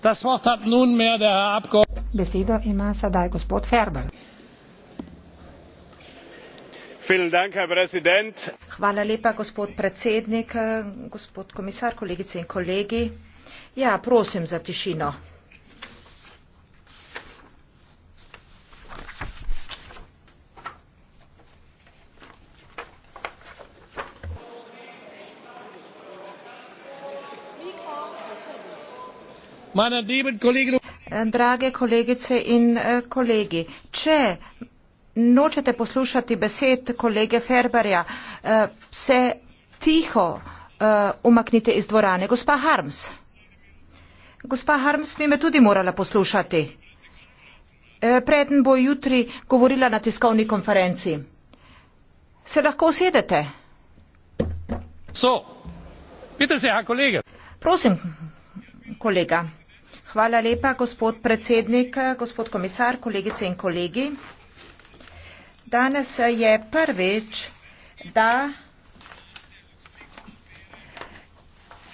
Besedo ima sedaj gospod Ferber. Hvala lepa, gospod predsednik, eh, gospod komisar, kolegice in kolegi. Ja, prosim za tišino. Drage kolegice in eh, kolegi, če nočete poslušati besed kolege Ferberja, eh, se tiho eh, umaknite iz dvorane. Gospa Harms, gospa Harms bi me tudi morala poslušati. Preden bo jutri govorila na tiskovni konferenci. Se lahko usedete? So. Pite se, ja, kolega. Prosim, kolega. Hvala lepa, gospod predsednik, gospod komisar, kolegice in kolegi. Danes je prvič, da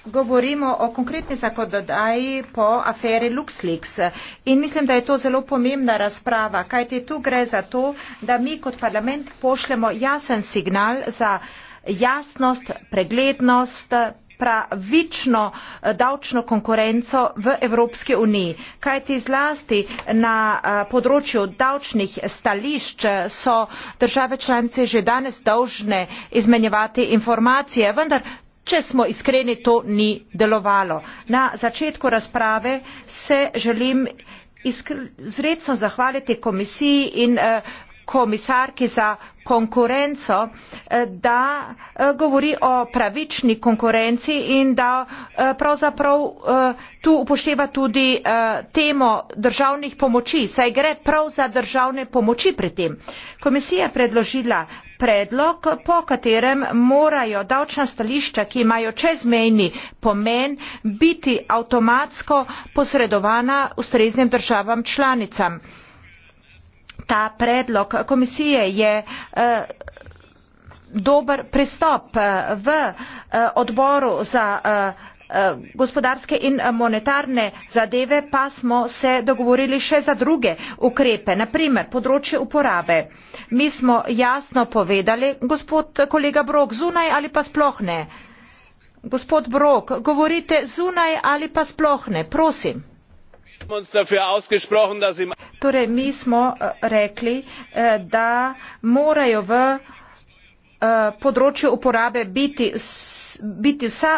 govorimo o konkretni zakonodaji po aferi LuxLeaks. In mislim, da je to zelo pomembna razprava, kajti tu gre za to, da mi kot parlament pošljemo jasen signal za jasnost, preglednost, pravično eh, davčno konkurenco v evropski uniji kajti zlasti na eh, področju davčnih stališč eh, so države članice že danes dolžne izmenjevati informacije vendar če smo iskreni to ni delovalo. na začetku razprave se želim izrecno zahvaliti komisiji in komisarki za konkurenco, eh, da eh, govori o pravični konkurenci in da eh, pravzaprav tu upošteva tudi temo državnih pomoči, saj gre prav za državne pomoči pri tem. Komisija je predložila predlog, po katerem morajo davčna stališča, ki imajo čezmejni pomen, biti avtomatsko posredovana ustreznim državam članicam ta predlog komisije je eh, dober pristop eh, v eh, odboru za gospodarske in monetarne zadeve pa smo se dogovorili še za druge ukrepe na primer področje uporabe mi smo jasno povedali gospod kolega brok zunaj ali pa sploh ne gospod brok govorite zunaj ali pa sploh ne prosim Torej, mi smo eh, rekli, eh, da morajo v eh, področju uporabe biti, biti vsa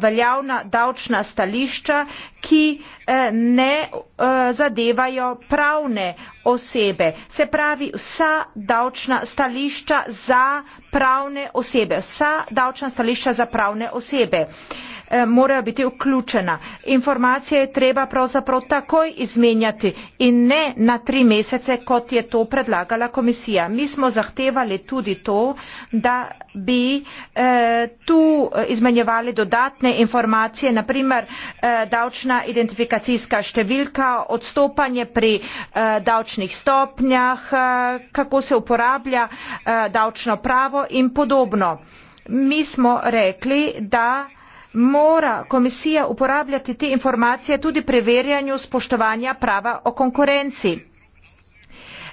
veljavna davčna stališča, ki ne zadevajo pravne osebe. Se pravi, vsa davčna stališča za pravne osebe. Vsa davčna stališča za pravne osebe. Eh, morajo biti vključena. Informacije je treba pravzaprav takoj izmenjati in ne na tri mesece, kot je to predlagala komisija. Mi smo zahtevali tudi to, da bi eh, tu izmenjevali dodatne informacije, naprimer eh, davčna identifikacijska številka, odstopanje pri eh, davčnih stopnjah, eh, kako se uporablja eh, davčno pravo in podobno. Mi smo rekli, da mora komisija uporabljati te informacije tudi preverjanju spoštovanja prava o konkurenci.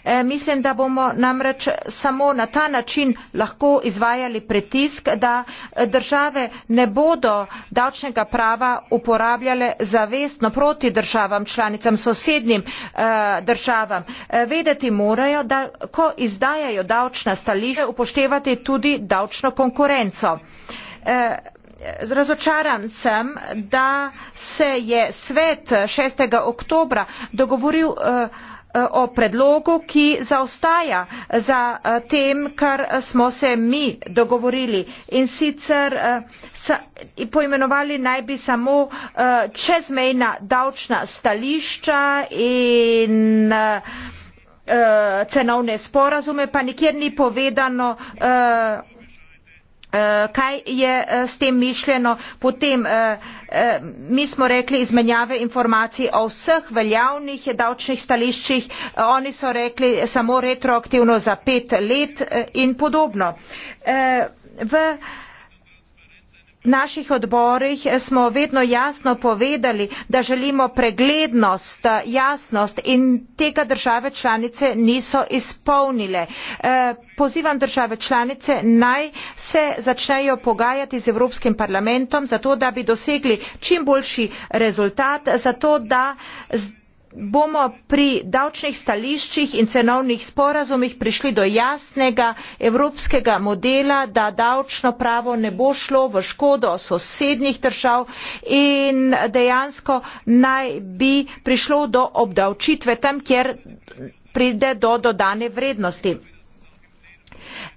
E, mislim, da bomo namreč samo na ta način lahko izvajali pritisk, da države ne bodo davčnega prava uporabljale zavestno proti državam, članicam, sosednjim e, državam. E, vedeti morajo, da ko izdajajo davčna stališča, upoštevati tudi davčno konkurenco. E, Eh, razočaran sem, da se je svet 6. oktobra dogovoril eh, eh, o predlogu, ki zaostaja za tem, kar smo se mi dogovorili. In sicer poimenovali naj bi samo čezmejna davčna stališča in cenovne sporazume, pa nikjer ni povedano Eh, kaj je eh, s tem mišljeno potem. Eh, mi smo rekli izmenjave informacij o vseh veljavnih davčnih stališčih, oni so rekli samo retroaktivno za pet let in podobno. V naših odborih smo vedno jasno povedali, da želimo preglednost, jasnost in tega države članice niso izpolnile. E, pozivam države članice naj se začnejo pogajati z Evropskim parlamentom, zato da bi dosegli čim boljši rezultat, zato da bomo pri davčnih stališčih in cenovnih sporazumih prišli do jasnega evropskega modela da davčno pravo ne bo šlo v škodo sosednjih držav in dejansko naj bi prišlo do obdavčitve tam kjer pride do dodane vrednosti.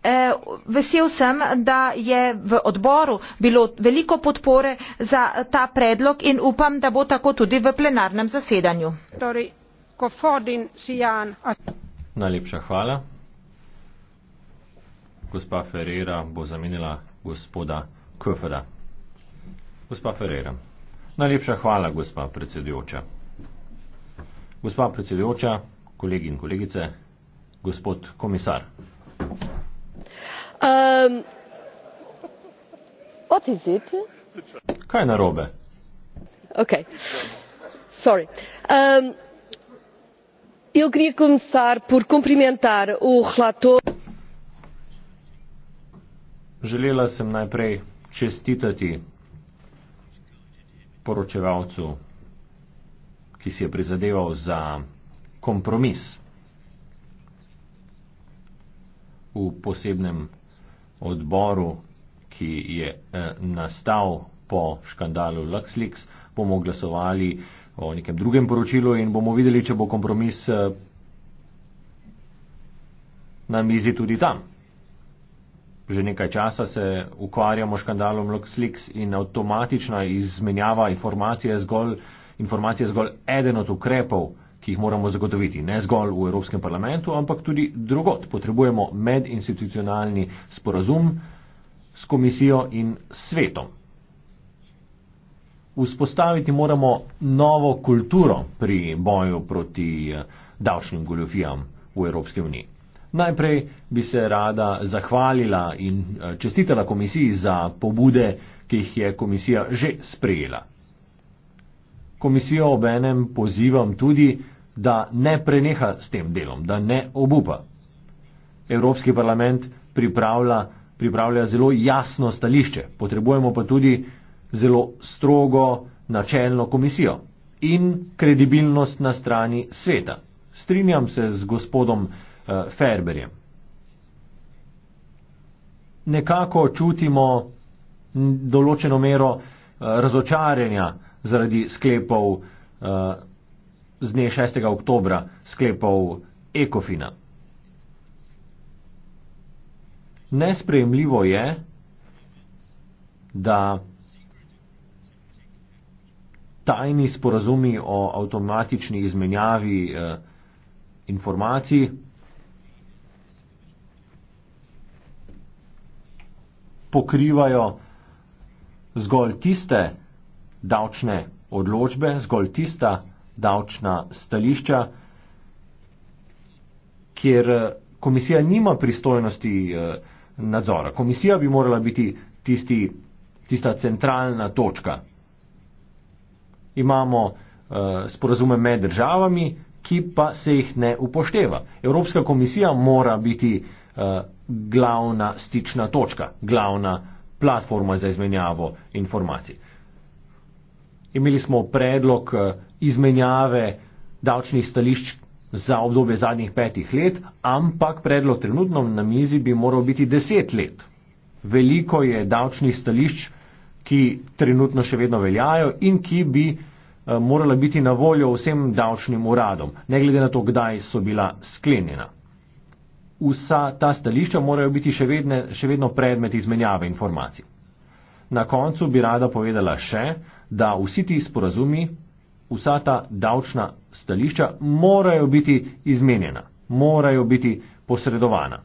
Eh, vesel sem, da je v odboru bilo veliko podpore za ta predlog in upam, da bo tako tudi v plenarnem zasedanju. Torej, Najlepša hvala. Gospa Ferreira bo zamenjala gospoda Köfera. Gospa Ferreira. Najlepša hvala, gospa predsedujoča. Gospa predsedujoča, kolegi in kolegice, gospod komisar. Ehm, kaj je narobe? Eu queria começar por cumprimentar o relator. Želela sem najprej čestitati poročevalcu, ki si je prizadeval za kompromis v posebnem odboru, ki je eh, nastal po škandalu LuxLeaks, bomo glasovali o nekem drugem poročilu in bomo videli, če bo kompromis eh, na mizi tudi tam. Že nekaj časa se ukvarjamo s škandalom LuxLeaks in avtomatična izmenjava informacije je zgolj, zgolj eden od ukrepov, ki jih moramo zagotoviti ne zgolj v Evropskem parlamentu, ampak tudi drugot. Potrebujemo medinstitucionalni sporazum s komisijo in svetom. Vzpostaviti moramo novo kulturo pri boju proti eh, davčnim goljofijam v Evropski uniji. Najprej bi se rada zahvalila in eh, čestitela komisiji za pobude, ki jih je komisija že sprejela komisijo obenem pozivam tudi, da ne preneha s tem delom, da ne obupa. Evropski parlament pripravlja, pripravlja zelo jasno stališče, potrebujemo pa tudi zelo strogo načelno komisijo in kredibilnost na strani sveta. Strinjam se z gospodom uh, Ferberjem. Nekako čutimo določeno mero uh, eh, razočarenja, zaradi sklepov eh, z dne 6. oktober, sklepov Ekofina. Nesprejemljivo je, da tajni sporazumi o avtomatični izmenjavi eh, informacij pokrivajo zgolj tiste, davčne odločbe, zgolj tista davčna stališča, kjer eh, komisija nima pristojnosti eh, nadzora. Komisija bi morala biti tisti, tista centralna točka. Imamo eh, sporazume med državami, ki pa se jih ne upošteva. Evropska komisija mora biti glavna stična točka, glavna platforma za izmenjavo informacij. Imeli smo predlog eh, izmenjave davčnih stališč za obdobje zadnjih petih let, ampak predlog trenutno na mizi bi moral biti deset let. Veliko je davčnih stališč, ki trenutno še vedno veljajo in ki bi eh, morala biti na voljo vsem davčnim uradom, ne glede na to, kdaj so bila sklenjena. Vsa ta stališča morajo biti še, vedne, še vedno predmet izmenjave informacij. Na koncu bi rada povedala še, da vsi ti sporazumi, vsa ta davčna stališča morajo biti izmenjena, morajo biti posredovana.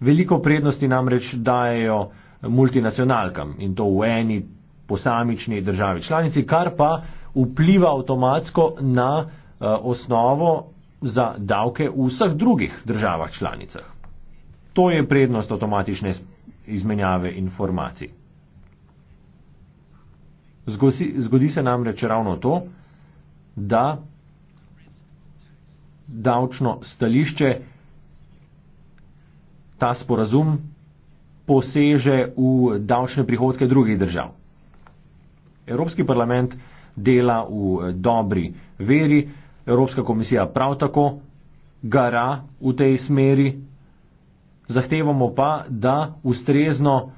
Veliko prednosti namreč dajo multinacionalkam in to v eni posamični državi članici, kar pa vpliva avtomatsko na eh, osnovo za davke v vseh drugih državah članicah. To je prednost avtomatične izmenjave informacij. Zgosi, zgodi se namreč ravno to, da davčno stališče ta sporazum poseže v davčne prihodke drugih držav. Evropski parlament dela v eh, dobri veri, Evropska komisija prav tako gara v tej smeri, zahtevamo pa, da ustrezno uh,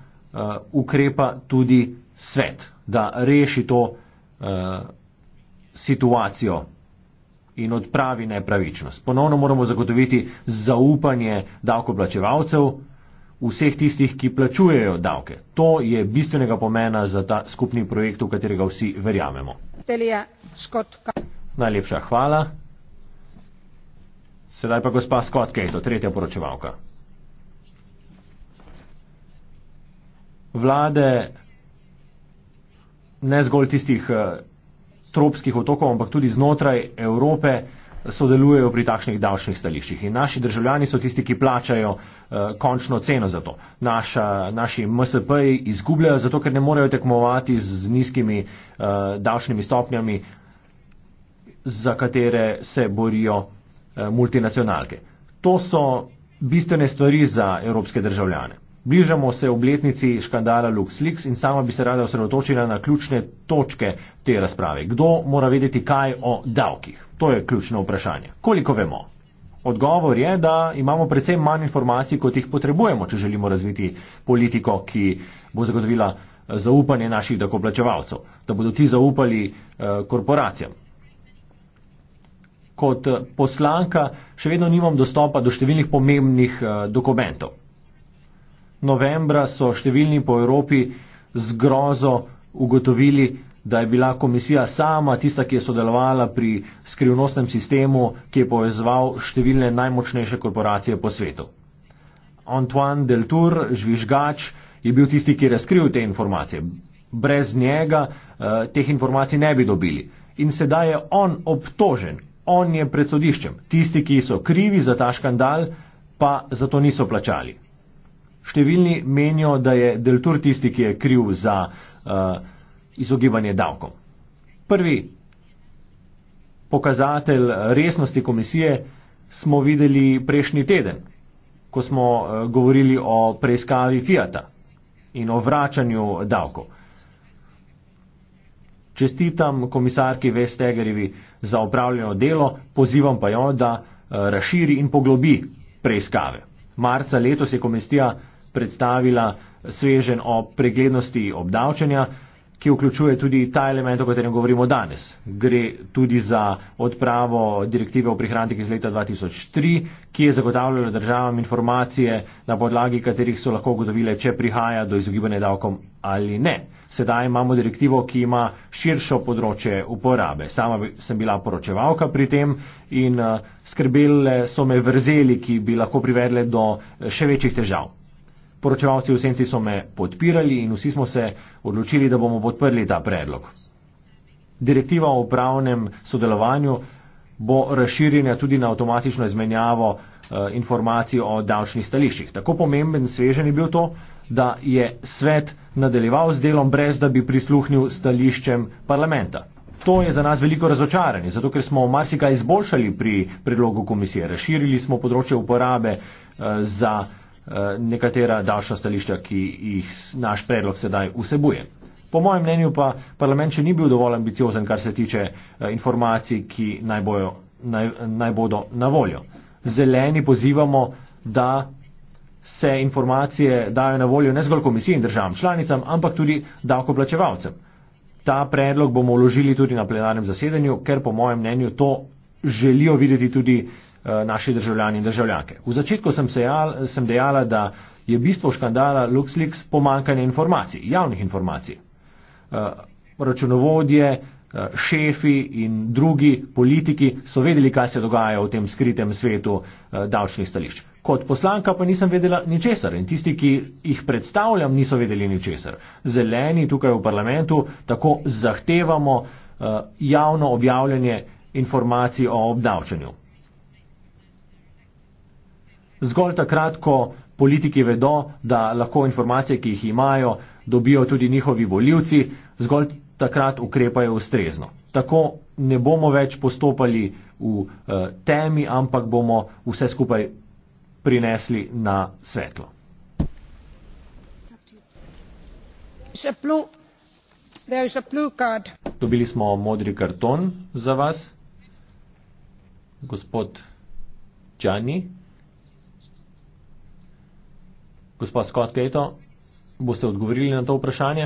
ukrepa tudi svet da reši to uh, situacijo in odpravi nepravičnost. Ponovno moramo zagotoviti zaupanje davkoplačevalcev, vseh tistih, ki plačujejo davke. To je bistvenega pomena za ta skupni projekt, v katerega vsi verjamemo. Najlepša hvala. Sedaj pa gospa Scott Kato, tretja poročevalka. Vlade ne zgolj tistih eh, tropskih otokov, ampak tudi znotraj Evrope sodelujejo pri takšnih davčnih stališčih. In naši državljani so tisti, ki plačajo uh, končno ceno za to. Naša, naši MSP-ji izgubljajo zato, ker ne morejo tekmovati z, z nizkimi uh, davčnimi stopnjami, za katere se borijo uh, multinacionalke. To so bistvene stvari za evropske državljane. Bližamo se obletnici škandala LuxLeaks in sama bi se rada osredotočila na ključne točke te razprave. Kdo mora vedeti kaj o davkih? To je ključno vprašanje. Koliko vemo? Odgovor je, da imamo predvsem manj informacij, kot jih potrebujemo, če želimo razviti politiko, ki bo zagotovila eh, zaupanje naših dokoplačevalcev, da bodo ti zaupali eh, korporacijam. Kot eh, poslanka še vedno nimam dostopa do številnih pomembnih dokumentov novembra so številni po Evropi z grozo ugotovili, da je bila komisija sama tista, ki je sodelovala pri skrivnostnem sistemu, ki je povezval številne najmočnejše korporacije po svetu. Antoine Deltour, žvižgač, je bil tisti, ki je razkril te informacije. Brez njega eh, teh informacij ne bi dobili. In sedaj je on obtožen, on je pred sodiščem. Tisti, ki so krivi za ta škandal, pa za to niso plačali. Številni menijo, da je Deltur tisti, ki je kriv za uh, izogibanje davkom. Prvi pokazatelj resnosti komisije smo videli prejšnji teden, ko smo uh, govorili o preiskavi Fiata in o vračanju davkov. Čestitam komisarki Vestegerjevi za opravljeno delo, pozivam pa jo, da uh, razširi in poglobi preiskave. Marca letos je komisija uh, predstavila svežen o preglednosti obdavčanja, ki vključuje tudi ta element, o katerem govorimo danes. Gre tudi za odpravo direktive o prihrantih iz leta 2003, ki je zagotavljala državam informacije, na podlagi katerih so lahko ugotovile, če prihaja do izogibanja davkom ali ne. Sedaj imamo direktivo, ki ima širšo področje uporabe. Sama sem bila poročevalka pri tem in eh, skrbele so me vrzeli, ki bi lahko privedle do eh, še večjih težav poročevalci v senci so me podpirali in vsi smo se odločili, da bomo podprli ta predlog. Direktiva o upravnem sodelovanju bo razširjena tudi na avtomatično izmenjavo eh, informacij o davčnih stališčih. Tako pomemben svežen je bil to, da je svet nadaljeval z delom, brez da bi prisluhnil stališčem parlamenta. To je za nas veliko razočaranje, zato ker smo marsikaj izboljšali pri predlogu komisije. Razširili smo področje uporabe eh, za Eh, nekatera davčna stališča, ki jih naš predlog sedaj vsebuje. Po mojem mnenju pa parlament še ni bil dovolj ambiciozen, kar se tiče eh, informacij, ki naj, bojo, naj, naj bodo na voljo. Zeleni pozivamo, da se informacije dajo na voljo ne zgolj komisiji in državam članicam, ampak tudi davkoplačevalcem. Ta predlog bomo uložili tudi na plenarnem zasedanju, ker po mojem mnenju to želijo videti tudi uh, Eh, naši državljani in državljanke. V začetku sem, sejal, sem dejala, da je bistvo škandala LuxLeaks pomankanje informacij, javnih informacij. Eh, računovodje, eh, šefi in drugi politiki so vedeli, kaj se dogaja v tem skritem svetu davčnih stališč. Kot poslanka pa nisem vedela ničesar in tisti, ki jih predstavljam, niso vedeli ničesar. Zeleni tukaj v parlamentu tako zahtevamo javno objavljanje informacij o obdavčenju zgolj takrat, ko politiki vedo, da lahko informacije, ki jih imajo, dobijo tudi njihovi voljivci, zgolj takrat ukrepajo ustrezno. Tako ne bomo več postopali v eh, temi, ampak bomo vse skupaj prinesli na svetlo. Dobili smo modri karton za vas, gospod Čani. Gospa Scott Keto, boste odgovorili na to vprašanje?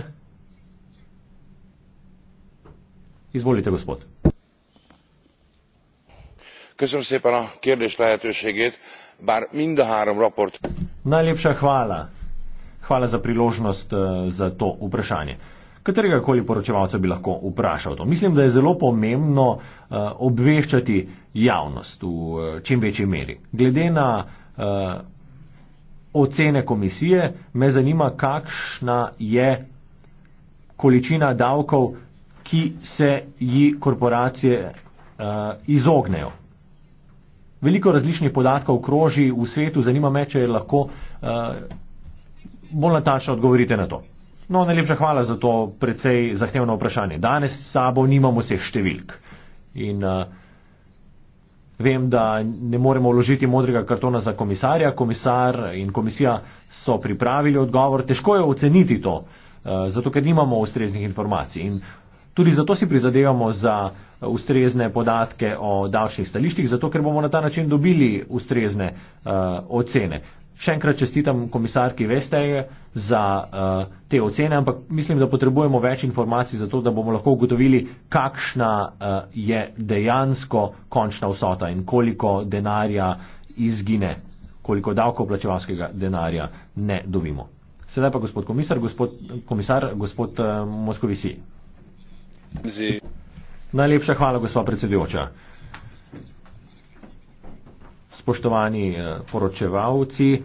Izvolite, gospod. Köszönöm szépen a kérdés lehetőségét, bár mind a három raport. Najlepša hvala. Hvala za priložnost eh, za to vprašanje. Katerega koli poročevalca bi lahko vprašal to? Mislim, da je zelo pomembno eh, obveščati javnost v eh, čim večji meri. Glede na ocene komisije, me zanima, kakšna je količina davkov, ki se ji korporacije uh, izognejo. Veliko različnih podatkov kroži v svetu, zanima me, če lahko uh, bolj natančno odgovorite na to. No, najlepša hvala za to precej zahtevno vprašanje. Danes s sabo nimamo vseh številk. In, uh, Vem, da ne moremo vložiti modrega kartona za komisarja. Komisar in komisija so pripravili odgovor. Težko je oceniti to, eh, zato ker nimamo ustreznih informacij. In tudi zato si prizadevamo za ustrezne podatke o davčnih stališčih, zato ker bomo na ta način dobili ustrezne uh, ocene še enkrat čestitam komisarki Vesteje eh, za uh, te ocene, ampak mislim, da potrebujemo več informacij za to, da bomo lahko ugotovili, kakšna uh, je dejansko končna vsota in koliko denarja izgine, koliko davkoplačevalskega denarja ne dobimo. Sedaj pa gospod komisar, gospod, komisar, gospod uh, Moskovisi. Najlepša hvala, gospod predsedujoča. Uh, spoštovani eh, poročevalci,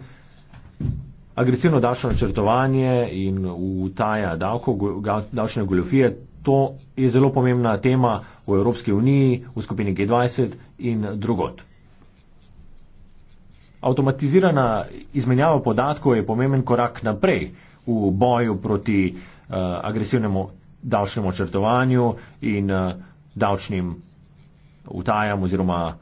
agresivno davčno načrtovanje in utaja davkov, davčne goljofije, to je zelo pomembna tema v Evropski uniji, v skupini G20 in drugot. Avtomatizirana izmenjava podatkov je pomemben korak naprej v boju proti uh, agresivnemu davčnemu črtovanju in uh, davčnim utajam oziroma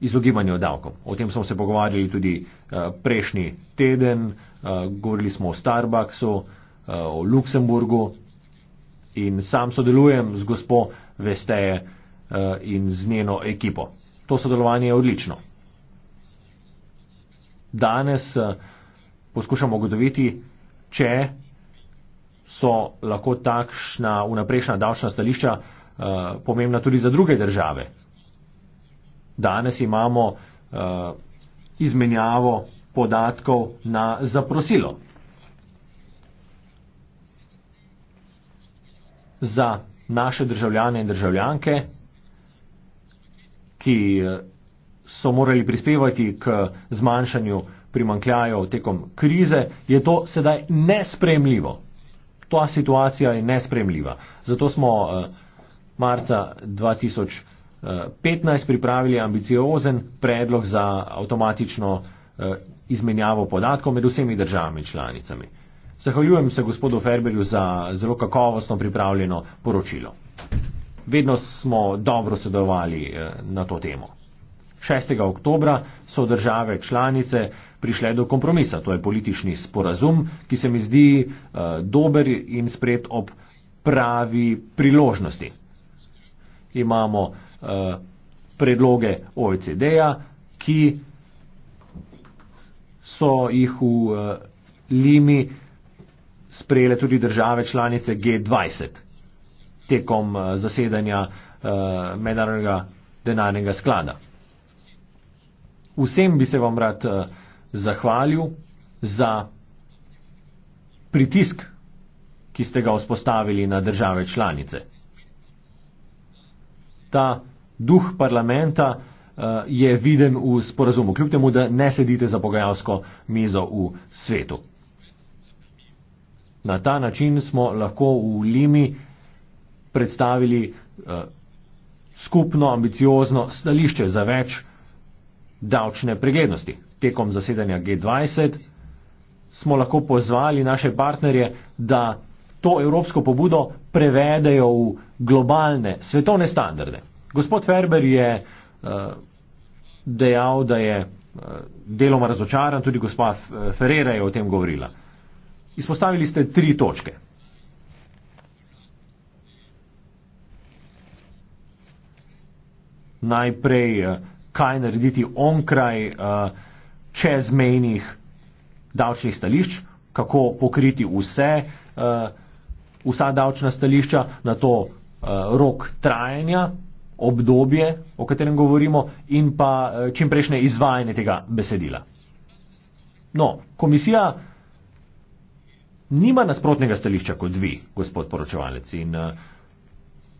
izogibanju davkom. O tem smo se pogovarjali tudi eh, prejšnji teden, eh, govorili smo o Starbucksu, eh, o Luksemburgu in sam sodelujem z gospo Vesteje in z njeno ekipo. To sodelovanje je odlično. Danes poskušamo ugotoviti, če so lahko takšna unaprejšnja davčna stališča pomembna tudi za druge države. Danes imamo uh, izmenjavo podatkov na zaprosilo. Za naše državljane in državljanke, ki eh, so morali prispevati k zmanjšanju primankljajev tekom krize, je to sedaj nespremljivo. Ta situacija je nespremljiva. Zato smo eh, marca 2020 15 pripravili ambiciozen predlog za avtomatično eh, izmenjavo podatkov med vsemi državami članicami. Zahvaljujem se gospodu Ferberju za zelo kakovostno pripravljeno poročilo. Vedno smo dobro sodelovali eh, na to temo. 6. oktobra so države članice prišle do kompromisa, to je politični sporazum, ki se mi zdi eh, dober in spred ob pravi priložnosti. Imamo predloge OECD-ja, ki so jih v eh, Limi sprejele tudi države članice G20 tekom eh, zasedanja eh, Mednarodnega denarnega sklada. Vsem bi se vam rad zahvalil za pritisk, ki ste ga vzpostavili na države članice. Ta duh parlamenta eh, je viden v sporazumu, kljub temu, da ne sedite za pogajalsko mizo v svetu. Na ta način smo lahko v Limi predstavili eh, skupno ambiciozno stališče za več davčne preglednosti. Tekom zasedanja G20 smo lahko pozvali naše partnerje, da to evropsko pobudo prevedejo v globalne svetovne standarde. Gospod Ferber je eh, dejal, da je eh, deloma razočaran, tudi gospa eh, Ferrera je o tem govorila. Izpostavili ste tri točke. Najprej, kaj narediti onkraj čezmejnih davčnih stališč, kako pokriti vse, vsa davčna stališča na to rok trajanja obdobje, o katerem govorimo, in pa eh, čim prejšnje izvajanje tega besedila. No, komisija nima nasprotnega stališča kot vi, gospod poročevalec. In eh,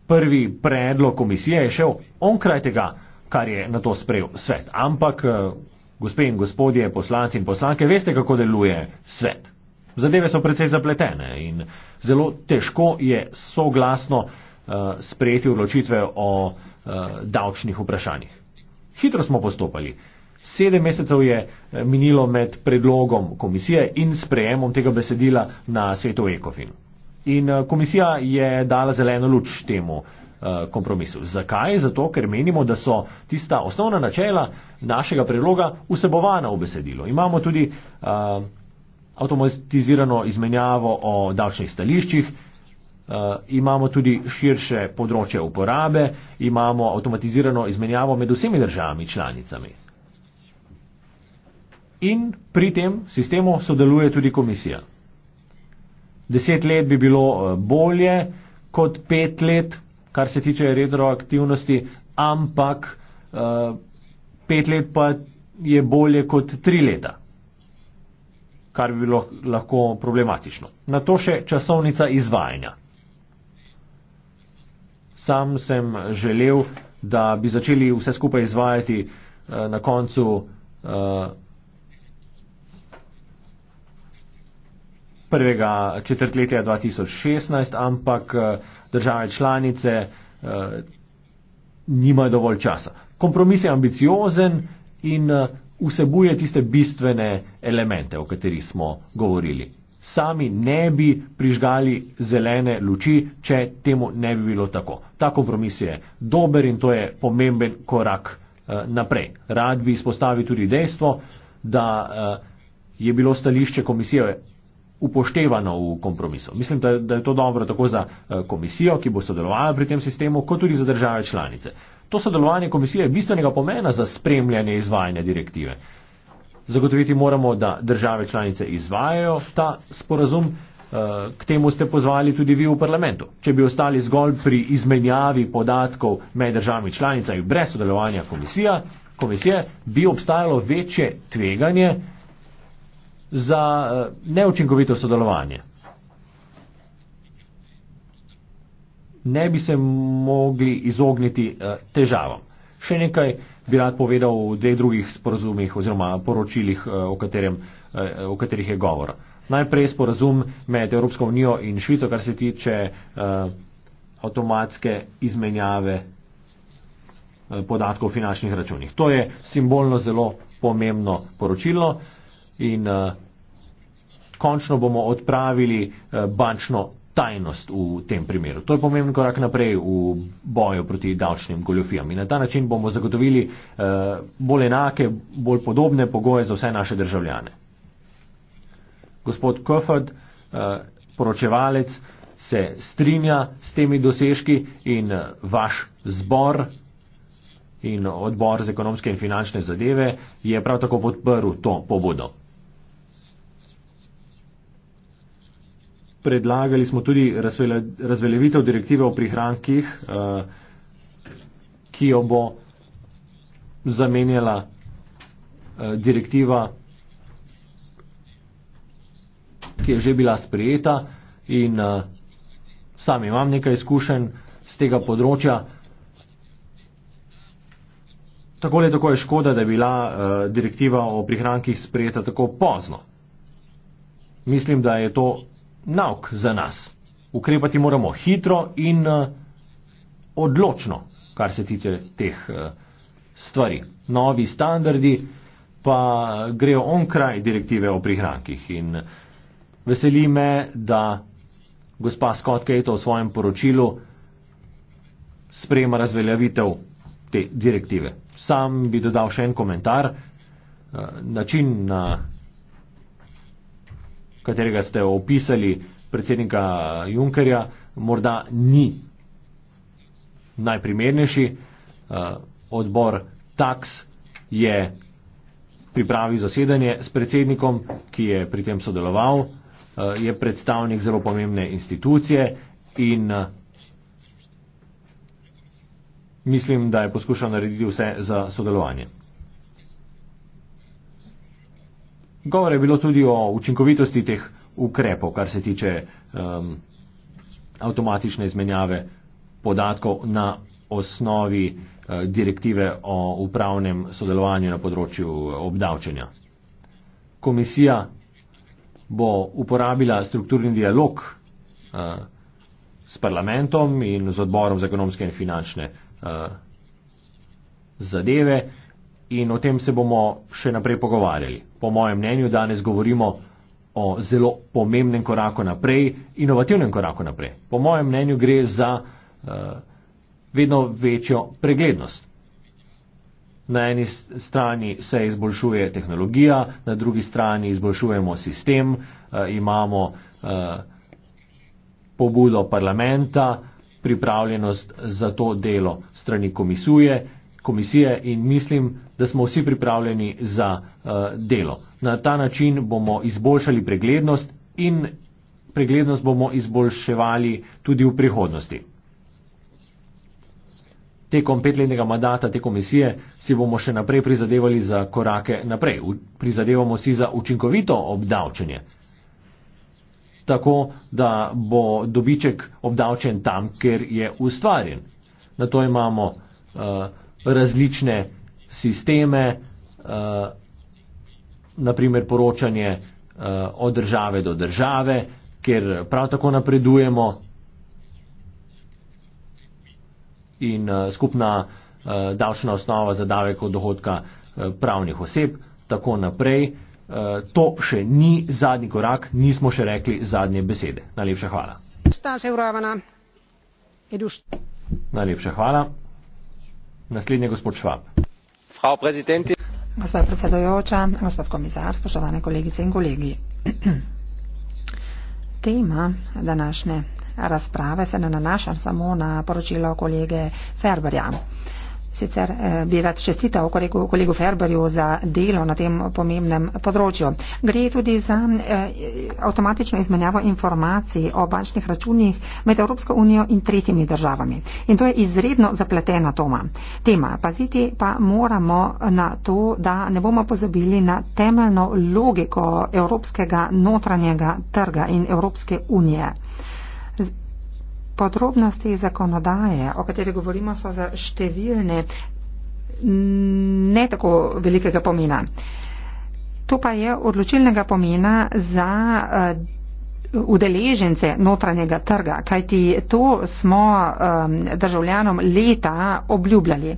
prvi predlog komisije je šel onkraj tega, kar je na to sprejel svet. Ampak, eh, gospe in gospodje, poslanci in poslanke, veste, kako deluje svet. Zadeve so precej zapletene in zelo težko je soglasno Eh, sprejeti odločitve o uh, davčnih vprašanjih. Hitro smo postopali. Sedem mesecev je eh, minilo med predlogom komisije in sprejemom tega besedila na svetu ECOFIN. In komisija je dala zeleno luč temu uh, kompromisu. Zakaj? Zato, ker menimo, da so tista osnovna načela našega predloga vsebovana v besedilo. Imamo tudi uh, avtomatizirano izmenjavo o davčnih stališčih, uh, Eh, imamo tudi širše področje uporabe, imamo avtomatizirano izmenjavo med vsemi državami članicami. In pri tem sistemu sodeluje tudi komisija. Deset let bi bilo eh, bolje kot pet let, kar se tiče retroaktivnosti, ampak eh, pet let pa je bolje kot tri leta, kar bi bilo lahko problematično. Na to še časovnica izvajanja. Sam sem želel, da bi začeli vse skupaj izvajati eh, na koncu eh, prvega četrtletja 2016, ampak eh, države članice eh, nimajo dovolj časa. Kompromis je ambiciozen in eh, vsebuje tiste bistvene elemente, o katerih smo govorili sami ne bi prižgali zelene luči, če temu ne bi bilo tako. Ta kompromis je dober in to je pomemben korak eh, naprej. Rad bi izpostavil tudi dejstvo, da eh, je bilo stališče komisije upoštevano v kompromisu. Mislim, da je to dobro tako za eh, komisijo, ki bo sodelovala pri tem sistemu, kot tudi za države članice. To sodelovanje komisije je bistvenega pomena za spremljanje izvajanja direktive. Zagotoviti moramo, da države članice izvajajo ta sporazum. Eh, k temu ste pozvali tudi vi v parlamentu. Če bi ostali zgolj pri izmenjavi podatkov med državami članicami brez sodelovanja komisija, komisije, bi obstajalo večje tveganje za eh, neučinkovito sodelovanje. Ne bi se mogli izogniti eh, težavam. Še nekaj, bi rad povedal o dveh drugih sporazumih oziroma poročilih, eh, o, katerem, eh, o katerih je govor. Najprej sporazum med Evropsko unijo in Švico, kar se tiče uh, avtomatske izmenjave podatkov o finančnih računih. To je simbolno zelo pomembno poročilo in uh, končno bomo odpravili uh, bančno tajnost v tem primeru. To je pomemben korak naprej v boju proti davčnim goljofijam. In na ta način bomo zagotovili eh, bolj enake, bolj podobne pogoje za vse naše državljane. Gospod Kofod, eh, poročevalec, se strinja s temi dosežki in eh, vaš zbor in odbor za ekonomske in finančne zadeve je prav tako podprl to pobudo. predlagali smo tudi razveljavitev direktive o prihrankih, eh, ki jo bo zamenjala eh, direktiva, ki je že bila sprejeta in eh, sam imam nekaj izkušenj z tega področja. Tako je tako je škoda, da je bila direktiva o prihrankih sprejeta tako pozno. Mislim, da je to nauk za nas. Ukrepati moramo hitro in eh, odločno, kar se tiče teh eh, stvari. Novi standardi pa grejo onkraj direktive o prihrankih in eh, veseli me, da gospa Scott Kate v svojem poročilu sprejema razveljavitev te direktive. Sam bi dodal še en komentar. Način na katerega ste opisali predsednika Junkerja, morda ni najprimernejši. Eh, odbor Tax je pripravil zasedanje s predsednikom, ki je pri tem sodeloval, eh, je predstavnik zelo pomembne institucije in eh, mislim, da je poskušal narediti vse za sodelovanje. Govore je bilo tudi o učinkovitosti teh ukrepov, kar se tiče um, avtomatične izmenjave podatkov na osnovi uh, direktive o upravnem sodelovanju na področju uh, obdavčenja. Komisija bo uporabila strukturni dialog uh, s parlamentom in z odborom za ekonomske in finančne uh, zadeve in o tem se bomo še naprej pogovarjali. Po mojem mnenju danes govorimo o zelo pomembnem koraku naprej, inovativnem koraku naprej. Po mojem mnenju gre za uh, vedno večjo preglednost. Na eni strani se izboljšuje tehnologija, na drugi strani izboljšujemo sistem, uh, imamo uh, pobudo parlamenta, pripravljenost za to delo strani komisuje. Uh, komisije in mislim, da smo vsi pripravljeni za uh, delo. Na ta način bomo izboljšali preglednost in preglednost bomo izboljševali tudi v prihodnosti. Tekom petletnega mandata te komisije si bomo še naprej prizadevali za korake naprej. Prizadevamo si za učinkovito obdavčenje, tako da bo dobiček obdavčen tam, kjer je ustvarjen. Na to imamo uh, različne sisteme, eh, naprimer poročanje eh, od države do države, ker prav tako napredujemo in eh, skupna davčna osnova za davek od dohodka pravnih oseb, tako naprej. To še ni zadnji korak, nismo še rekli zadnje besede. Najlepša hvala. Najlepša hvala. Naslednji gospod Švab. Gospod predsedojoča, gospod komisar, spoštovane kolegice in kolegi. Tema današnje razprave se ne nanaša samo na poročilo kolege Ferberja. Uh, Sicer eh, bi rad čestital kolegu, kolegu Ferberju za delo na tem pomembnem področju. Gre tudi za eh, avtomatično izmenjavo informacij o bančnih računih med Evropsko unijo in tretjimi državami. In to je izredno zapletena toma. tema. Paziti pa moramo na to, da ne bomo pozabili na temeljno logiko Evropskega notranjega trga in Evropske unije. Podrobnosti zakonodaje, o kateri govorimo, so za številne ne tako velikega pomena. To pa je odločilnega pomena za eh, udeležence notranjega trga, kajti to smo eh, državljanom leta obljubljali.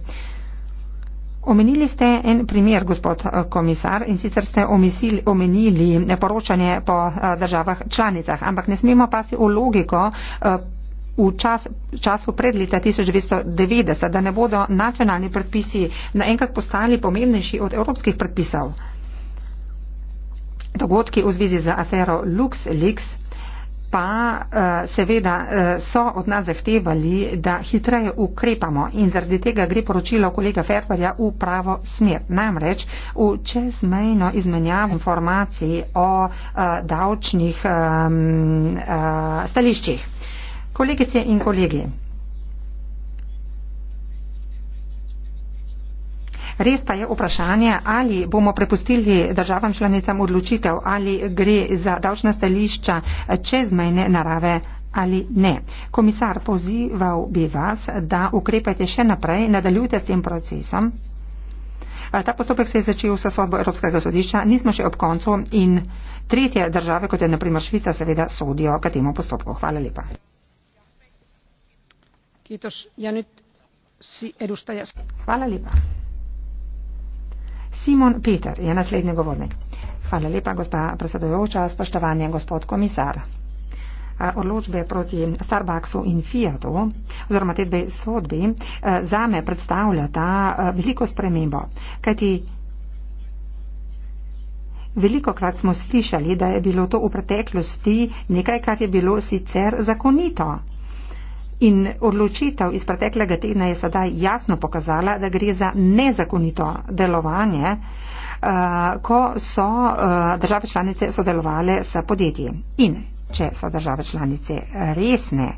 Omenili ste en primer, gospod eh, komisar, in sicer ste omisili, omenili poročanje po državah članicah, ampak ne smemo pasti v logiko v čas, času pred leta 1990, da ne bodo nacionalni predpisi naenkrat postali pomembnejši od evropskih predpisov. Dogodki v zvezi z afero LuxLeaks pa eh, seveda eh, so od nas zahtevali, da hitreje ukrepamo in zaradi tega gre poročilo kolega Ferbarja v pravo smer. Namreč v čezmejno izmenjavo informacij o eh, davčnih stališčih. Kolegice in kolegi, res pa je vprašanje, ali bomo prepustili državam članicam odločitev, ali gre za davčna stališča čezmejne narave ali ne. Komisar, pozival bi vas, da ukrepate še naprej, nadaljujte s tem procesom. Ta postopek se je začel s sodbo Evropskega sodišča, nismo še ob koncu in tretje države, kot je naprimer Švica, seveda sodijo k temu postopku. Hvala lepa. Ja Simon Peter je naslednji govornik. Hvala lepa, gospa predsedujoča, spoštovanje, gospod komisar. Odločbe proti Starbucksu in Fiatu, oziroma te dve sodbi, e, zame predstavljata e, veliko spremembo, kajti veliko krat smo slišali, da je bilo to v preteklosti nekaj, kar je bilo sicer zakonito. In odločitev iz preteklega tedna je sedaj jasno pokazala, da gre za nezakonito delovanje, eh, ko so eh, države članice sodelovale s podjetji. In če so države članice resne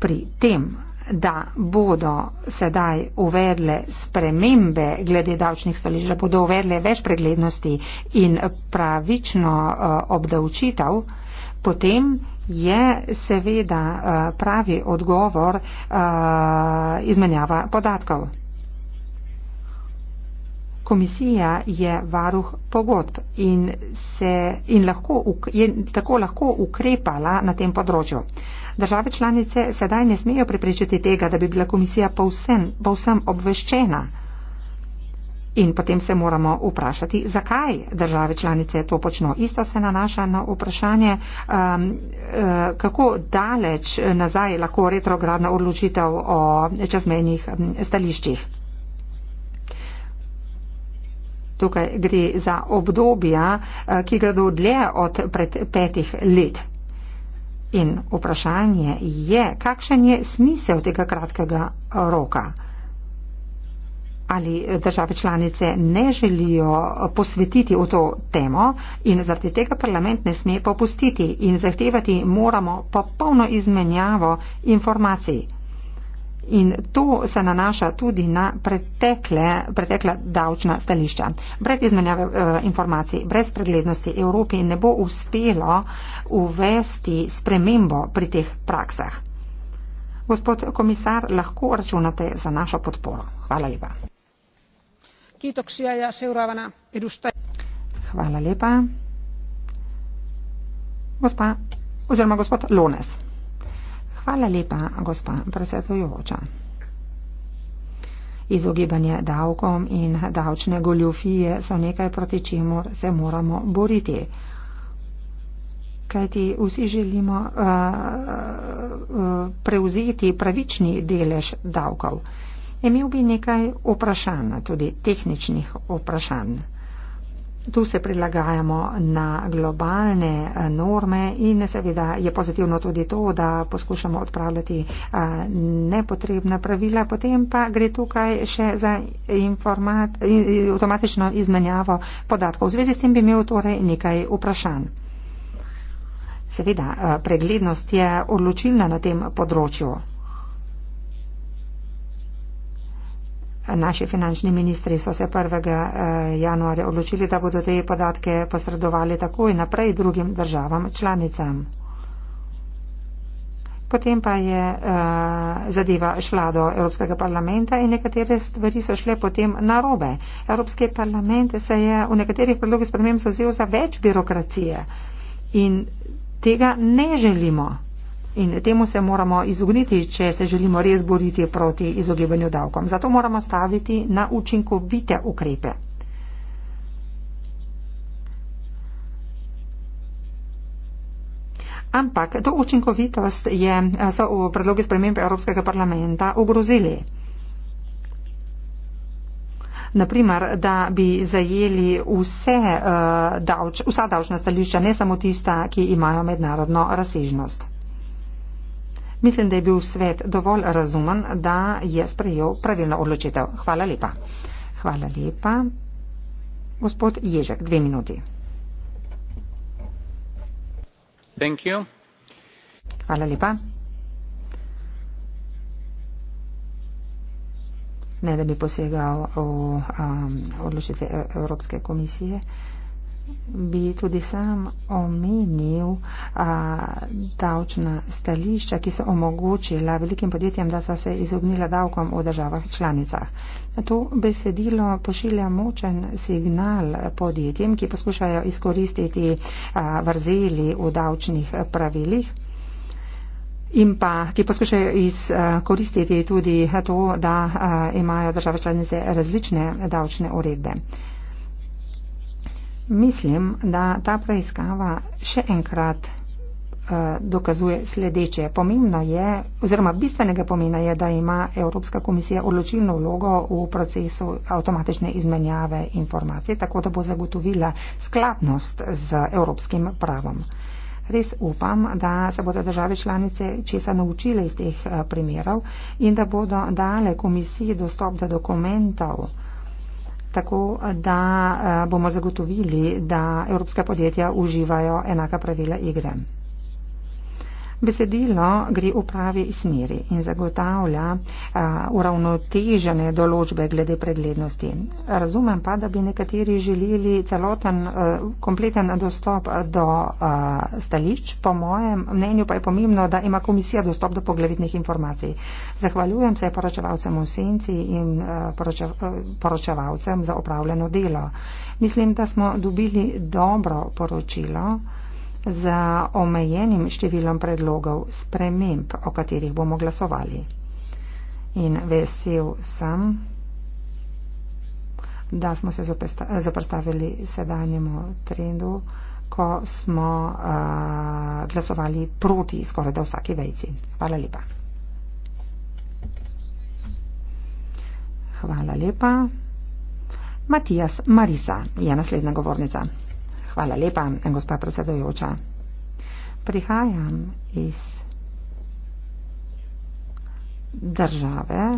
pri tem, da bodo sedaj uvedle spremembe glede davčnih stolič, da bodo uvedle več preglednosti in pravično eh, obdavčitev, potem je seveda eh, pravi odgovor eh, izmenjava podatkov. Komisija je varuh pogodb in, se, in lahko, je tako lahko ukrepala na tem področju. Države članice sedaj ne smejo prepričati tega, da bi bila komisija povsem, povsem obveščena. In potem se moramo vprašati, zakaj države članice to počno. Isto se nanaša na vprašanje, um, uh, kako daleč nazaj lahko retrogradna odločitev o čezmenjih um, stališčih. Tukaj gre za obdobja, uh, ki gredo dlje od pred petih let. In vprašanje je, kakšen je smisel tega kratkega roka ali države članice ne želijo posvetiti v to temo in zaradi tega parlament ne sme popustiti in zahtevati moramo popolno izmenjavo informacij. In to se nanaša tudi na pretekle, pretekla davčna stališča. Brez izmenjave e, informacij, brez preglednosti Evropi ne bo uspelo uvesti spremembo pri teh praksah. Gospod komisar, lahko računate za našo podporo. Hvala lepa. Kiitoksia ja seuraavana edustaja. Hvala lepa. Gospa, oziroma gospod Lones. Hvala lepa, gospa predsedujoča. Izogibanje davkom in davčne goljufije so nekaj, proti čemu se moramo boriti. Kajti vsi želimo uh, uh, prevzeti pravični delež davkov. Uh, imel bi nekaj vprašanj, tudi tehničnih vprašanj. Tu se prilagajamo na globalne eh, norme in seveda je pozitivno tudi to, da poskušamo odpravljati eh, nepotrebna pravila, potem pa gre tukaj še za avtomatično izmenjavo podatkov. V zvezi s tem bi imel torej nekaj vprašanj. Seveda, eh, preglednost je odločilna na tem področju. Naši finančni ministri so se 1. Eh, januarja odločili, da bodo te podatke posredovali takoj naprej drugim državam članicam. Potem pa je uh, zadeva šla do Evropskega parlamenta in nekatere stvari so šle potem narobe. Evropski parlament se je v nekaterih predlogih sprememb zauzel za več birokracije in tega ne želimo. In temu se moramo izogniti, če se želimo res boriti proti izogibanju davkom. Zato moramo staviti na učinkovite ukrepe. Ampak to učinkovitost je, so v predlogi spremembe Evropskega parlamenta ogrozili. Naprimer, da bi zajeli vse, uh, davč, vsa davčna stališča, ne samo tista, ki imajo mednarodno razsežnost. Mislim, da je bil svet dovolj razumen, da je sprejel pravilno odločitev. Hvala lepa. Hvala lepa. Gospod Ježek, dve minuti. Thank you. Hvala lepa. Ne, da bi posegal v um, odločitve e- Evropske komisije. Uh, bi tudi sam omenil a, davčna stališča, ki so omogočila velikim podjetjem, da so se izognila davkom v državah članicah. To besedilo pošilja močen signal podjetjem, ki poskušajo izkoristiti a, vrzeli v davčnih pravilih in pa ki poskušajo izkoristiti tudi to, da a, imajo države članice različne davčne uredbe. Mislim, da ta preiskava še enkrat eh, dokazuje sledeče. Pomembno je, oziroma bistvenega pomena je, da ima Evropska komisija odločilno vlogo v procesu avtomatične izmenjave informacij, tako da bo zagotovila skladnost z evropskim pravom. Res upam, da se bodo države članice česa naučile iz teh eh, primerov in da bodo dale komisiji dostop do dokumentov tako da eh, bomo zagotovili, da evropska podjetja uživajo enaka pravila igre. Besedilo gre v pravi smeri in zagotavlja uravnotežene določbe glede preglednosti. Razumem pa, da bi nekateri želeli celoten, kompleten dostop do stališč. Po mojem mnenju pa je pomembno, da ima komisija dostop do poglavitnih informacij. Zahvaljujem se poročevalcem v senci in poročevalcem za opravljeno delo. Mislim, da smo dobili dobro poročilo za omejenim številom predlogov sprememb, o katerih bomo glasovali. In vesel sem, da smo se zaprstavili sedanjemu trendu, ko smo uh, glasovali proti skoraj da vsaki vejci. Hvala lepa. Hvala lepa. Matijas Marisa je naslednja govornica. Hvala lepa, gospa predsedojoča. Prihajam iz države,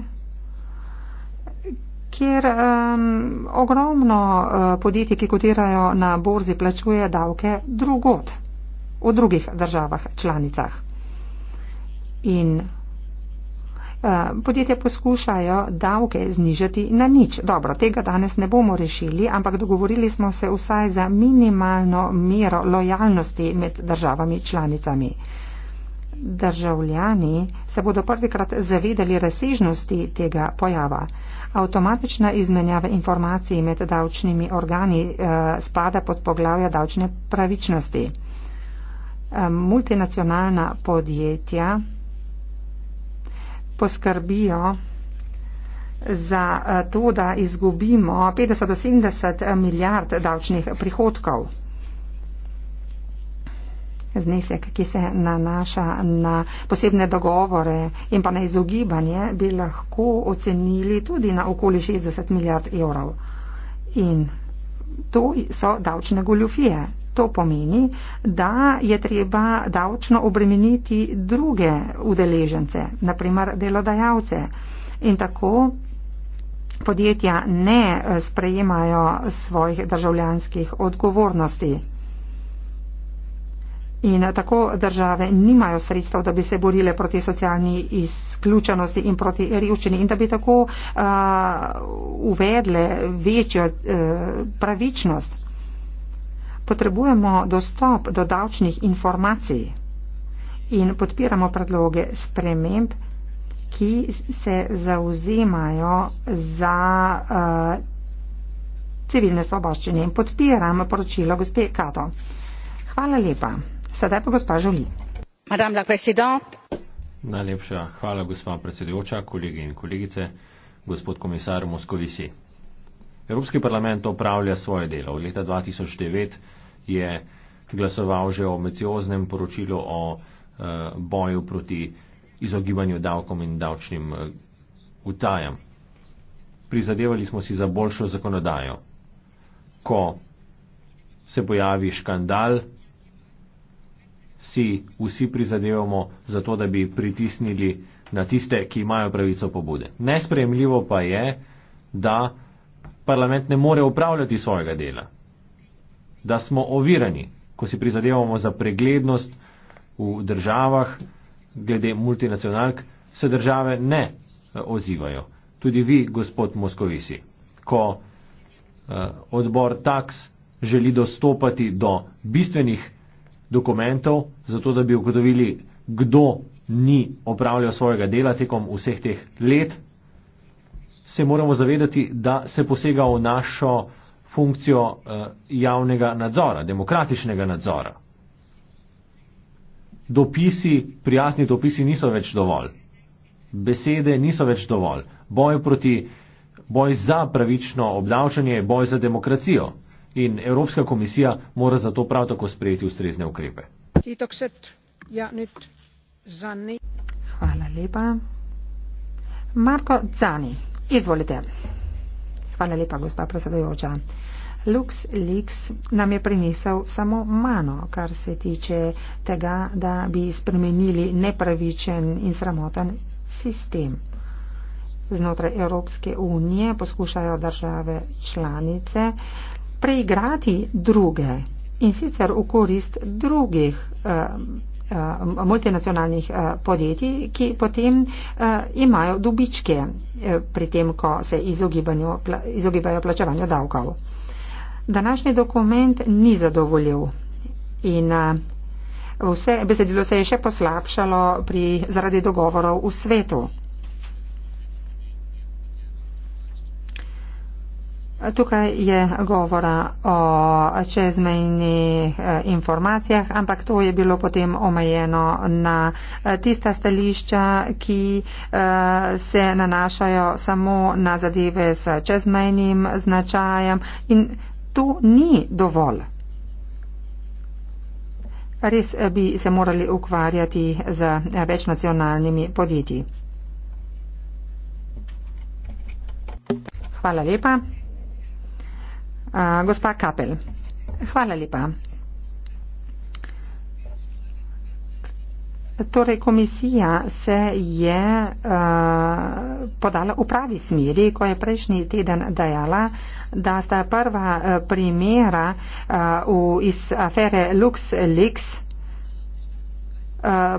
kjer um, ogromno uh, podjetij, ki kotirajo na borzi, plačuje davke drugot, v drugih državah članicah. In Eh, podjetja poskušajo davke znižati na nič. Dobro, tega danes ne bomo rešili, ampak dogovorili smo se vsaj za minimalno mero lojalnosti med državami članicami. Državljani se bodo prvikrat zavedali razsežnosti tega pojava. Avtomatična izmenjava informacij med davčnimi organi eh, spada pod poglavja davčne pravičnosti. Eh, multinacionalna podjetja poskrbijo za eh, to, da izgubimo 50 do 70 eh, milijard davčnih prihodkov. Znesek, ki se nanaša na posebne dogovore in pa na izogibanje, bi lahko ocenili tudi na okoli 60 milijard evrov. In to so davčne goljufije. To pomeni, da je treba davčno obremeniti druge udeležence, naprimer delodajalce. In tako podjetja ne eh, sprejemajo svojih državljanskih odgovornosti. In eh, tako države nimajo sredstev, da bi se borile proti socialni izključenosti in proti revščini in da bi tako uh, uvedle večjo uh, pravičnost potrebujemo dostop do davčnih informacij in podpiramo predloge sprememb, ki se zauzemajo za uh, civilne svoboščine in podpiramo poročilo gospe Kato. Hvala lepa. Sedaj pa gospa Žuli. Najlepša hvala, gospa predsedujoča, kolegi in kolegice, gospod komisar Moskovisi. Evropski parlament opravlja svoje delo. Od leta 2009 je glasoval že o medioznem poročilu o eh, boju proti izogibanju davkom in davčnim eh, utajam. Prizadevali smo si za boljšo zakonodajo. Ko se pojavi škandal, si vsi prizadevamo za to, da bi pritisnili na tiste, ki imajo pravico pobude. Nespremljivo pa je, da parlament ne more upravljati svojega dela da smo ovirani, ko si prizadevamo za preglednost v državah, glede multinacionalk, se države ne eh, odzivajo. Tudi vi, gospod Moskovisi, ko eh, odbor tax želi dostopati do bistvenih dokumentov, zato da bi ugotovili, kdo ni opravljal svojega dela tekom vseh teh let, se moramo zavedati, da se posega v našo funkcijo eh, javnega nadzora, demokratičnega nadzora. Dopisi, prijazni dopisi niso več dovolj. Besede niso več dovolj. Boj proti, boj za pravično obdavčanje je boj za demokracijo. In Evropska komisija mora zato prav tako sprejeti ustrezne ukrepe. Ja, Hvala lepa. Marko Cani, izvolite. Hvala lepa, gospa predsedujoča. Lux Lix nam je prinesel samo mano, kar se tiče tega, da bi spremenili nepravičen in sramoten sistem. Znotraj Evropske unije poskušajo države članice preigrati druge in sicer v korist drugih. Um, Eh, multinacionalnih eh, podjetij, ki potem eh, imajo dobičke pri tem, ko se izogibajo plačevanju davkov. Današnji dokument ni zadovoljiv in vse, besedilo se je še poslabšalo pri, zaradi dogovorov v svetu. Tukaj je govora o čezmejnih eh, informacijah, ampak to je bilo potem omejeno na eh, tista stališča, ki eh, se nanašajo samo na zadeve s čezmejnim značajem in to ni dovolj. Res bi se morali ukvarjati z večnacionalnimi podjetji. Hvala lepa. Gospa Kapel, hvala lepa. Torej, komisija se je uh, podala v pravi smeri, ko je prejšnji teden dejala, da sta prva primera uh, iz afere LuxLeaks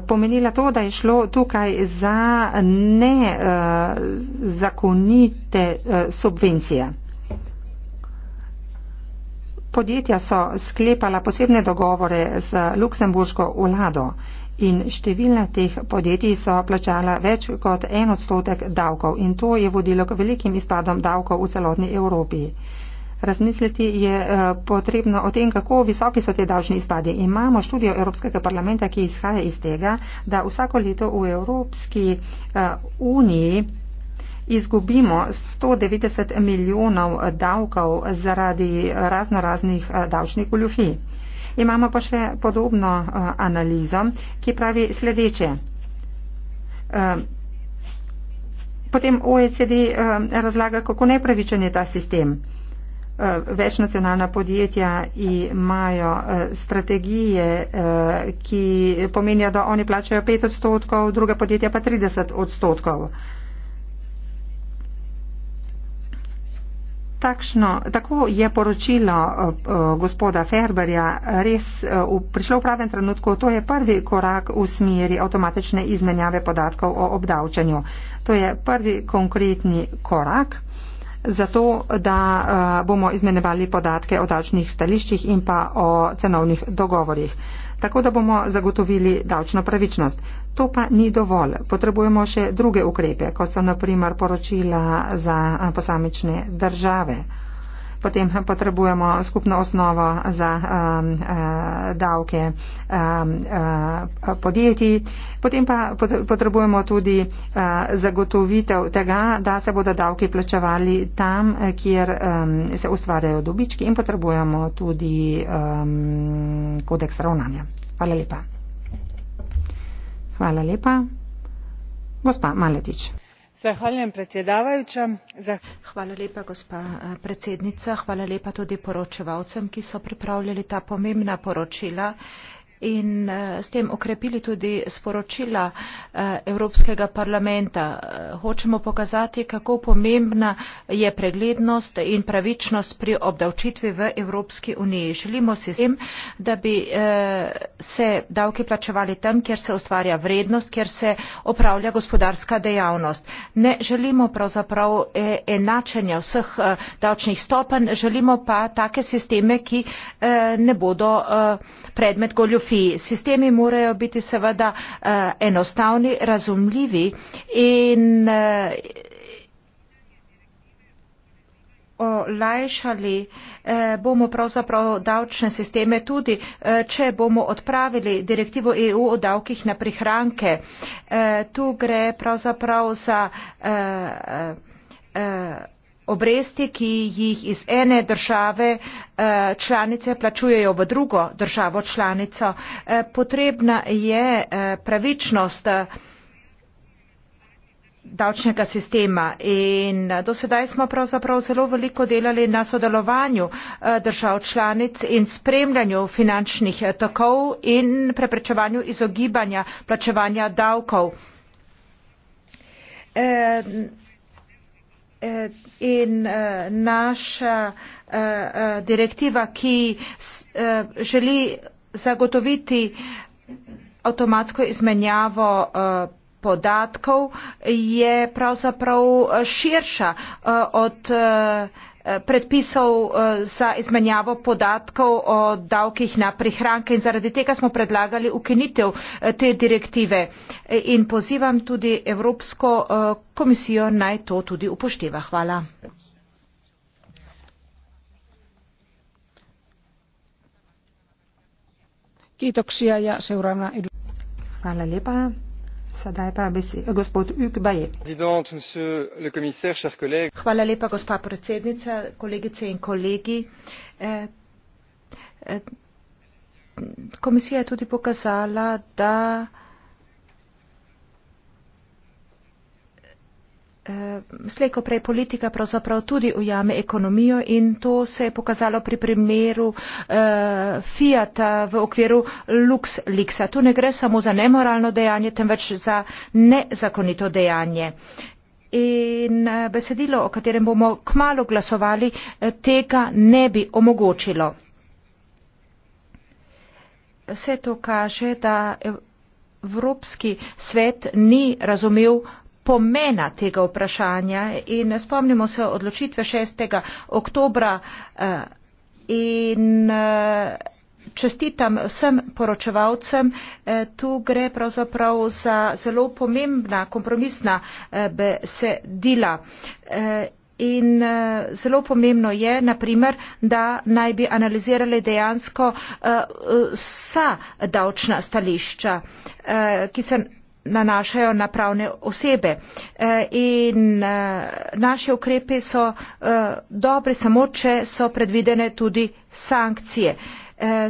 pomenila to, da je šlo tukaj za nezakonite uh, uh, subvencije podjetja so sklepala posebne dogovore z luksemburško vlado in številna teh podjetij so plačala več kot en odstotek davkov in to je vodilo k velikim izpadom davkov v celotni Evropi. Razmisliti je eh, potrebno o tem, kako visoki so te davčni izpadi. Imamo študijo Evropskega parlamenta, ki izhaja iz tega, da vsako leto v Evropski eh, uniji izgubimo 190 milijonov davkov zaradi raznoraznih eh, davčnih goljufij. Imamo pa še podobno eh, analizo, ki pravi sledeče. Eh, potem OECD razlaga, kako nepravičen je ta sistem. Večnacionalna podjetja imajo strategije, ki pomenijo, da oni plačajo 5 odstotkov, druga podjetja pa 30 odstotkov. takšno, tako je poročilo eh, eh, gospoda Ferberja res eh, prišlo v pravem trenutku. To je prvi korak v smeri avtomatične izmenjave podatkov o obdavčanju. To je prvi konkretni korak za to, da bomo izmenjevali podatke o davčnih stališčih in pa o cenovnih dogovorjih tako da bomo zagotovili davčno pravičnost. To pa ni dovolj. Potrebujemo še druge ukrepe, kot so naprimer poročila za eh, posamične države potem potrebujemo skupno osnovo za um, uh, davke um, uh, podjetij. Potem pa potrebujemo tudi uh, zagotovitev tega, da se bodo davke plačevali tam, kjer um, se ustvarjajo dobički in potrebujemo tudi um, kodeks ravnanja. Hvala lepa. Hvala lepa. Gospa Maletič. Eh, hvala lepa tudi poročevalcem ki so pripravljali ta pomembna poročila in tudi komisiji za pomoč pri reševanju te krize in eh, s tem okrepili tudi sporočila eh, Evropskega parlamenta. Eh, hočemo pokazati, kako pomembna je preglednost in pravičnost pri obdavčitvi v Evropski uniji. Želimo si s tem, da bi se davki plačevali tam, kjer se ustvarja vrednost, kjer se opravlja gospodarska dejavnost. Ne želimo pravzaprav enačenja vseh davčnih stopenj, želimo pa take sisteme, ki ne bodo predmet goljufizma filozofiji. Sistemi morajo biti seveda uh, enostavni, razumljivi in uh, olajšali uh, bomo pravzaprav davčne sisteme tudi, uh, če bomo odpravili direktivo EU o davkih na prihranke. Uh, tu gre pravzaprav za. Uh, uh, obresti, ki jih iz ene države eh, članice plačujejo v drugo državo članico. Eh, potrebna je eh, pravičnost davčnega sistema in dosedaj smo pravzaprav zelo veliko delali na sodelovanju držav članic in spremljanju finančnih tokov in preprečevanju izogibanja plačevanja davkov. Eh, in eh, naša eh, direktiva, ki želi zagotoviti avtomatsko izmenjavo podatkov, je pravzaprav širša od Eh, predpisov eh, za izmenjavo podatkov o davkih na prihranke in zaradi tega smo predlagali ukinitev eh, te direktive in pozivam tudi Evropsko komisijo naj to tudi upošteva. Hvala. Kiitoksia ja seuraavana Hvala lepa. Hvala lepa, gospa predsednica, kolegice in kolegi. Eh, eh, komisija je tudi pokazala, da Eh, Sleko prej politika pravzaprav tudi ujame ekonomijo in to se je pokazalo pri primeru eh, Fiata v okviru LuxLeaksa. Tu ne gre samo za nemoralno dejanje, temveč za nezakonito dejanje. In eh, besedilo, o katerem bomo kmalo glasovali, eh, tega ne bi omogočilo. Vse to kaže, da Evropski svet ni razumel pomena tega vprašanja in spomnimo se odločitve 6. oktobra eh, in eh, čestitam vsem poročevalcem. Eh, tu gre pravzaprav za zelo pomembna kompromisna besedila. In zelo pomembno je, na primer, da naj bi analizirali dejansko vsa davčna stališča, ki se nanašajo na pravne osebe. E, in e, naše ukrepe so e, dobre samo, če so predvidene tudi sankcije.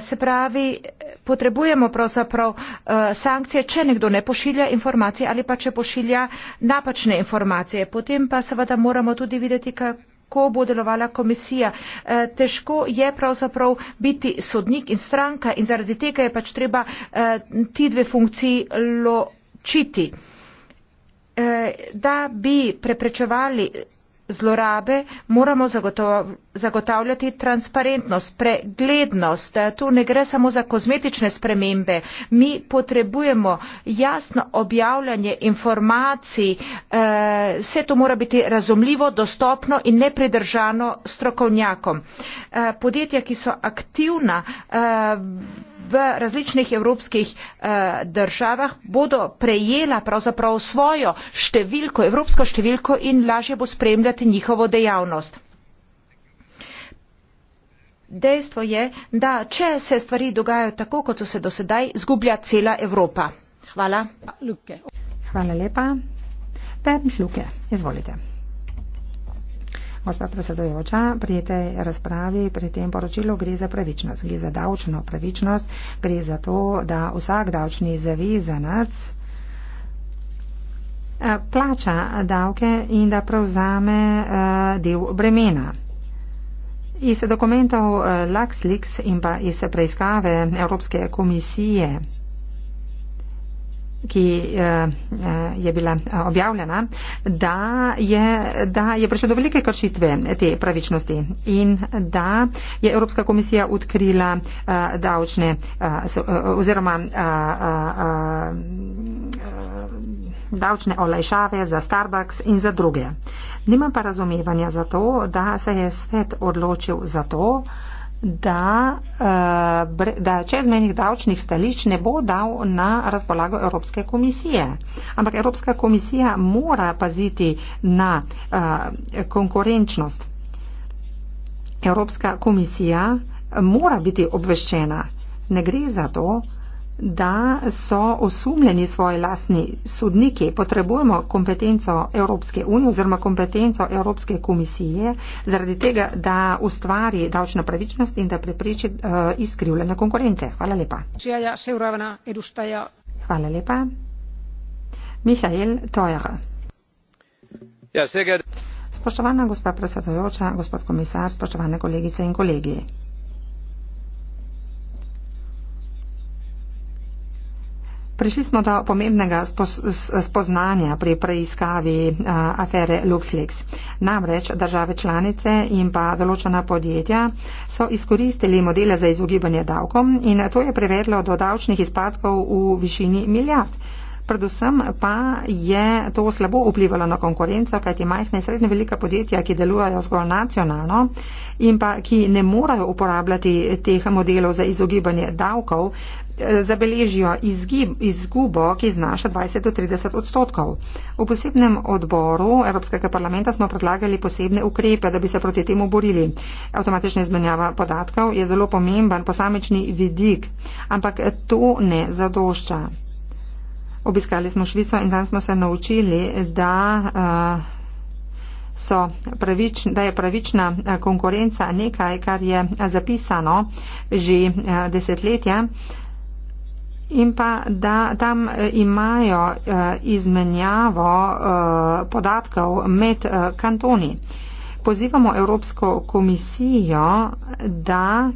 Se pravi, potrebujemo pravzaprav sankcije, če nekdo ne pošilja informacije ali pa če pošilja napačne informacije. Potem pa seveda moramo tudi videti, kako bo delovala komisija. Težko je pravzaprav biti sodnik in stranka in zaradi tega je pač treba ti dve funkciji lo ščiti, eh, da bi preprečevali zlorabe, moramo zagotavljati transparentnost, preglednost. Eh, tu ne gre samo za kozmetične spremembe. Mi potrebujemo jasno objavljanje informacij. Eh, vse to mora biti razumljivo, dostopno in nepridržano strokovnjakom. Podjetja, ki so aktivna, v različnih evropskih eh, državah bodo prejela pravzaprav svojo številko, evropsko številko in lažje bo spremljati njihovo dejavnost. Dejstvo je, da če se stvari dogajajo tako, kot so se do sedaj, zgublja cela Evropa. Hvala. Hvala lepa. Pep Luke, izvolite. Gospa predsedujoča, pri tej razpravi, pri tem poročilu gre za pravičnost, gre za davčno pravičnost, gre za to, da vsak davčni zavezanac eh, plača davke in da prevzame eh, del bremena. Iz dokumentov eh, LaxLeaks in pa iz preiskave Evropske komisije ki eh, eh, je bila eh, objavljena, da je, da je prišlo do velike kršitve te pravičnosti in da je Evropska komisija odkrila davčne oziroma davčne olajšave za Starbucks in za druge. Nimam pa razumevanja za to, da se je svet odločil za to, da, eh, da čezmenih davčnih stališč ne bo dal na razpolago Evropske komisije. Ampak Evropska komisija mora paziti na eh, konkurenčnost. Evropska komisija mora biti obveščena. Ne gre za to, da so osumljeni svoji lastni sodniki. Potrebujemo kompetenco Evropske unije oziroma kompetenco Evropske komisije zaradi tega, da ustvari davčno pravičnost in da prepreči uh, izkrivljanje konkurence. Hvala lepa. Hvala lepa. Mihajl Tojer. Ja, Spoštovana gospa predsedojoča, gospod komisar, spoštovane kolegice in kolegi. Prišli smo do pomembnega spoznanja pri preiskavi eh, afere LuxLeaks. Namreč države članice in pa določena podjetja so izkoristili modele za izogibanje davkom in to je privedlo do davčnih izpadkov v višini milijard. Predvsem pa je to slabo vplivalo na konkurenco, kajti majhna in srednja velika podjetja, ki delujejo zgolj nacionalno in pa ki ne morajo uporabljati teh modelov za izogibanje davkov, Eh, zabeležijo izgib, izgubo, ki znaša 20 do 30 odstotkov. V posebnem odboru Evropskega parlamenta smo predlagali posebne ukrepe, da bi se proti temu borili. Avtomatična izmenjava podatkov je zelo pomemben posamični vidik, ampak to ne zadošča. Obiskali smo Švico in dan smo se naučili, da. Uh, So pravič, da je pravična eh, konkurenca nekaj, kar je zapisano že desetletja in pa da tam eh, imajo eh, izmenjavo eh, podatkov med kantoni. Pozivamo Evropsko komisijo, da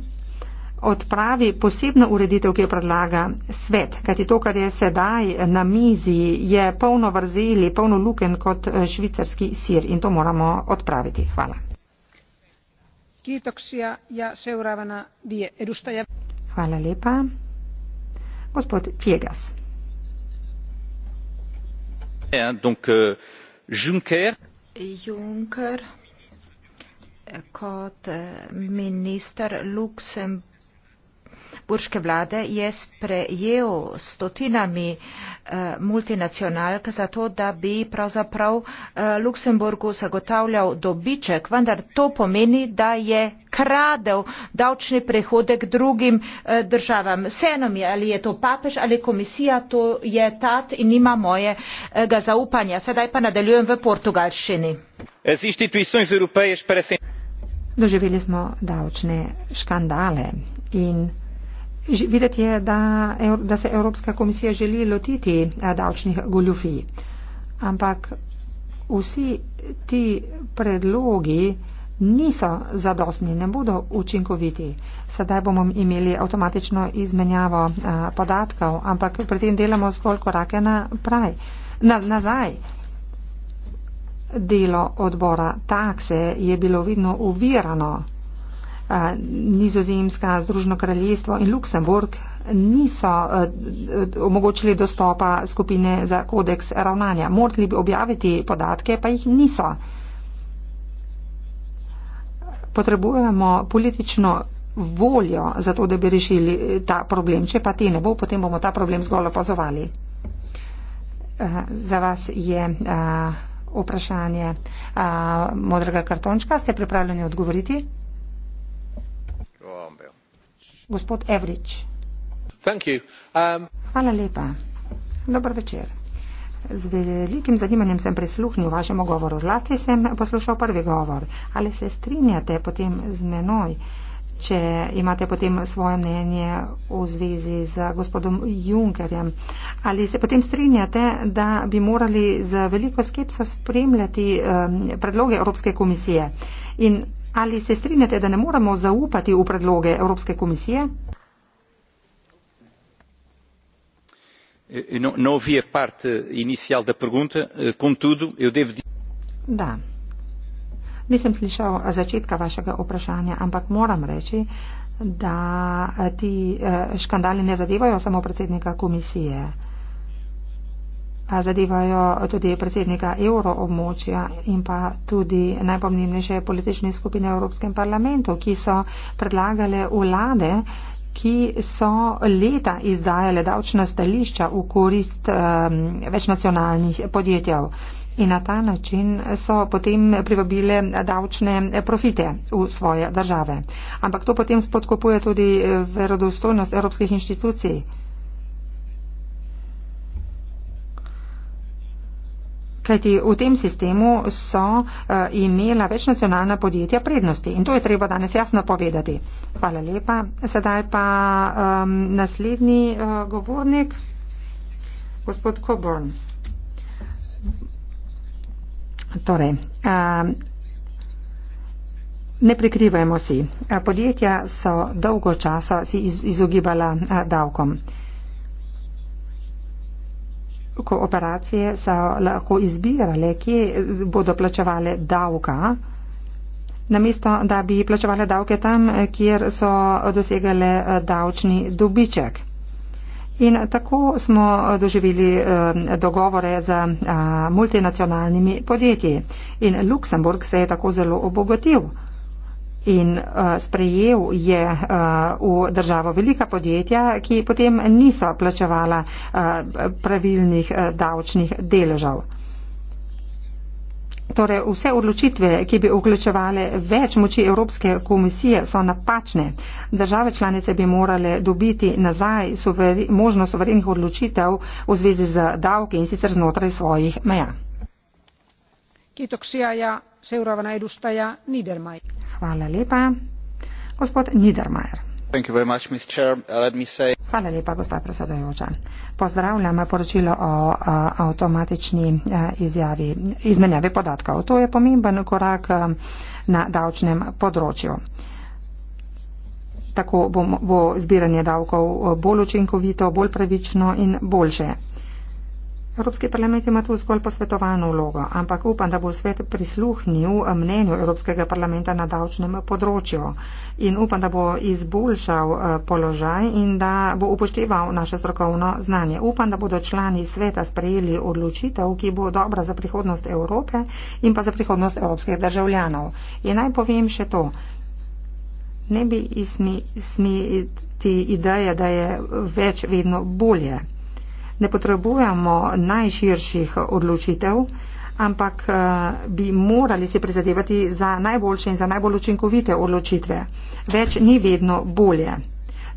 odpravi posebno ureditev, ki jo predlaga svet. Kajti to, kar je sedaj na mizi, je polno vrzeli, polno luken kot švicarski sir in to moramo odpraviti. Hvala. Ja, Hvala lepa gospod Fiegas. Ja, euh, Juncker. Juncker kot eh, minister Luksemburga burške vlade je sprejel stotinami eh, multinacionalk zato, da bi pravzaprav eh, Luksemburgu zagotavljal dobiček, vendar to pomeni, da je kradel davčni prihodek drugim eh, državam. Vseeno mi je, ali je to papež ali komisija, to je tat in nima mojega zaupanja. Sedaj pa nadaljujem v portugalščini. Doživeli smo davčne škandale in Videti je, da, da se Evropska komisija želi lotiti eh, davčnih goljufij, ampak vsi ti predlogi niso zadostni, ne bodo učinkoviti. Sedaj bomo imeli avtomatično izmenjavo eh, podatkov, ampak pri tem delamo zgolj korake napraj, na, nazaj. Delo odbora takse je bilo vidno uvirano. Nizozemska, Združeno kraljestvo in Luksemburg niso omogočili dostopa skupine za kodeks ravnanja. Morali bi objaviti podatke, pa jih niso. Potrebujemo politično voljo za to, da bi rešili e, ta problem. Če pa te ne bo, potem bomo ta problem zgolj opazovali. E, za vas je e, vprašanje modrega kartončka. Ste pripravljeni odgovoriti? Um, Hvala lepa. Dobar večer. Z velikim zanimanjem sem prisluhnil vašemu govoru. Zlasti sem poslušal prvi govor. Ali se strinjate potem z menoj, če imate potem svoje mnenje v zvezi z gospodom Junkerjem? Ali se potem strinjate, da bi morali z veliko skepso spremljati um, predloge Evropske komisije? In Ali se strinjate, da ne moramo zaupati v predloge Evropske komisije? Eh, no, no eh, da. Nisem slišal začetka vašega vprašanja, ampak moram reči, da ti eh, škandali ne zadevajo samo predsednika komisije zadevajo tudi predsednika evroobmočja in pa tudi najpomembnejše politične skupine v Evropskem parlamentu, ki so predlagale vlade, ki so leta izdajale davčna stališča v korist um, večnacionalnih podjetjev. In na ta način so potem privabile davčne profite v svoje države. Ampak to potem spodkopuje tudi verodostojnost evropskih inštitucij. Kajti v tem sistemu so uh, imela večnacionalna podjetja prednosti in to je treba danes jasno povedati. Hvala lepa. Sedaj pa um, naslednji uh, govornik, gospod Coburn. Torej, uh, ne prikrivajmo si. Podjetja so dolgo časa si iz, izogibala uh, eh, davkom. Uh, kooperacije so lahko izbirale, kje bodo plačevale davka, namesto da bi plačevale davke tam, kjer so dosegale eh, davčni dobiček. In tako smo eh, doživeli eh, dogovore z multinacionalnimi podjetji. In Luksemburg se je tako zelo obogatil in uh, sprejel je uh, v državo velika podjetja, ki potem niso plačevala uh, pravilnih davčnih deležev. Torej, vse odločitve, ki bi vključevale več moči Evropske komisije, so napačne. Države članice bi morale dobiti nazaj suveri, možnost suverenih odločitev v zvezi z davki in sicer znotraj svojih meja. Kitoksija ja seuraavana edustaja Niedermayer. Hvala lepa. Gospod Niedermayer. Hvala lepa, gospa predsedajoča. Pozdravljam poročilo o a, avtomatični a, izjavi, izmenjavi podatkov. To je pomemben korak a, na davčnem področju. Tako bo, bo zbiranje davkov bolj učinkovito, bolj pravično in boljše. Evropski parlament ima tu zgolj posvetovalno vlogo, ampak upam, da bo svet prisluhnil mnenju Evropskega parlamenta na davčnem področju in upam, da bo izboljšal eh, položaj in da bo upošteval naše strokovno znanje. Upam, da bodo člani sveta sprejeli odločitev, ki bo dobra za prihodnost Evrope in pa za prihodnost evropskih državljanov. In naj povem še to. Ne bi smeti ideje, da je več vedno bolje ne potrebujemo najširših odločitev, ampak eh, bi morali se prizadevati za najboljše in za najbolj učinkovite odločitve. Več ni vedno bolje.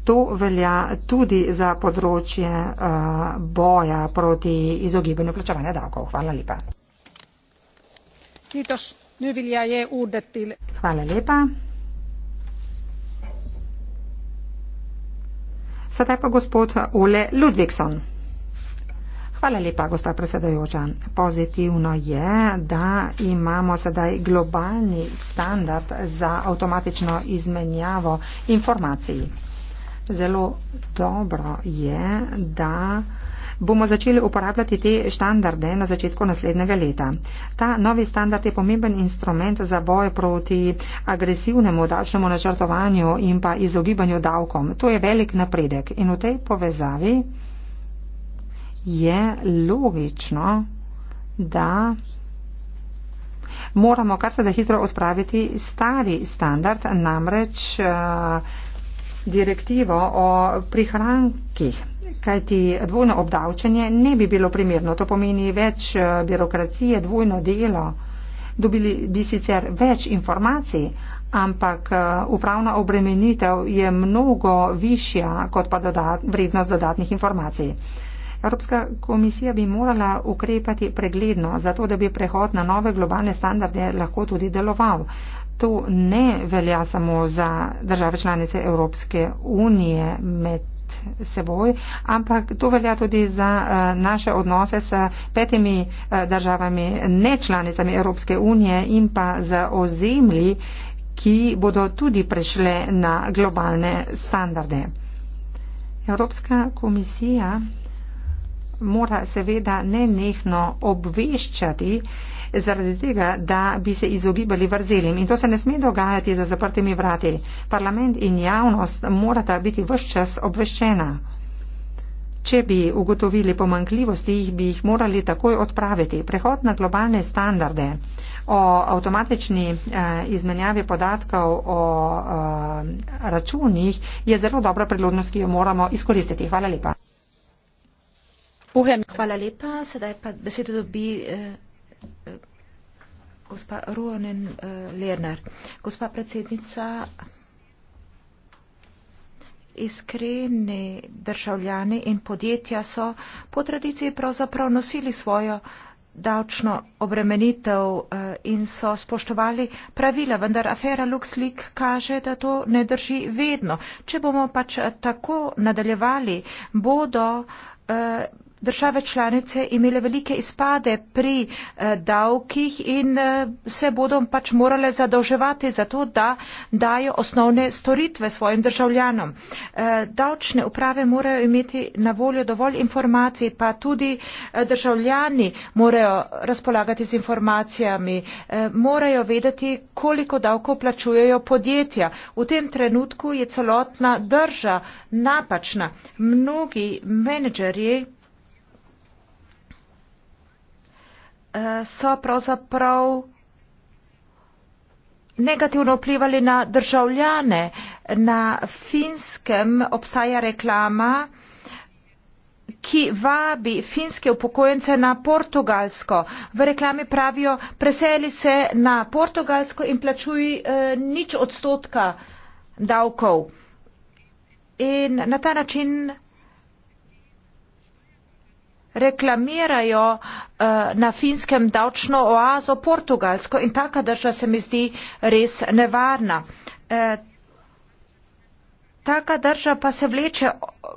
To velja tudi za področje eh, boja proti izogibanju plačevanja davkov. Hvala lepa. Hvala lepa. Sedaj pa gospod Ole Ludvikson. Hvala lepa, gospa predsedajoča. Pozitivno je, da imamo sedaj globalni standard za avtomatično izmenjavo informacij. Zelo dobro je, da bomo začeli uporabljati te standarde na začetku naslednjega leta. Ta novi standard je pomemben instrument za boj proti agresivnemu davčnemu načrtovanju in pa izogibanju davkom. To je velik napredek in v tej povezavi je logično, da moramo kar se da hitro odpraviti stari standard, namreč uh, direktivo o prihrankih, kajti dvojno obdavčenje ne bi bilo primerno. To pomeni več eh, birokracije, dvojno delo. Dobili bi sicer več informacij, ampak eh, upravna obremenitev je mnogo višja kot pa dodat, vrednost dodatnih informacij. Uh, Evropska komisija bi morala ukrepati pregledno, zato da bi prehod na nove globalne standarde lahko tudi deloval. To ne velja samo za države članice Evropske unije med seboj, ampak to velja tudi za uh, naše odnose s petimi uh, državami, ne članicami Evropske unije in pa za ozemlji, ki bodo tudi prešle na globalne standarde. Evropska komisija mora seveda nenehno obveščati, zaradi tega, da bi se izogibali vrzelim. In to se ne sme dogajati za zaprtimi vrati. Parlament in javnost morata biti vse čas obveščena. Če bi ugotovili pomankljivosti, jih bi jih morali takoj odpraviti. Prehod na globalne standarde o avtomatični eh, izmenjavi podatkov o eh, računih je zelo dobra priložnost, ki jo moramo izkoristiti. Hvala lepa. Hvala lepa. Sedaj pa besedo dobi eh, eh gospa Ruonen eh, Lernar. Gospa predsednica, iskreni državljani in podjetja so po tradiciji pravzaprav nosili svojo davčno obremenitev eh, in so spoštovali pravila, vendar afera LuxLeak kaže, da to ne drži vedno. Če bomo pač tako nadaljevali, bodo eh, države članice imele velike izpade pri eh, davkih in eh, se bodo pač morale zadolževati za to, da dajo osnovne storitve svojim državljanom. Eh, davčne uprave morajo imeti na voljo dovolj informacij, pa tudi državljani morajo razpolagati z informacijami, morajo vedeti, koliko davkov plačujejo podjetja. V tem trenutku je celotna drža napačna. Mnogi menedžerji so pravzaprav negativno vplivali na državljane. Na finskem obstaja reklama, ki vabi finske upokojence na portugalsko. V reklami pravijo, preseli se na portugalsko in plačuj eh, nič odstotka davkov. In na ta način reklamirajo uh, na finskem davčno oazo Portugalsko in taka država se mi zdi res nevarna. Uh, Taka drža pa se vleče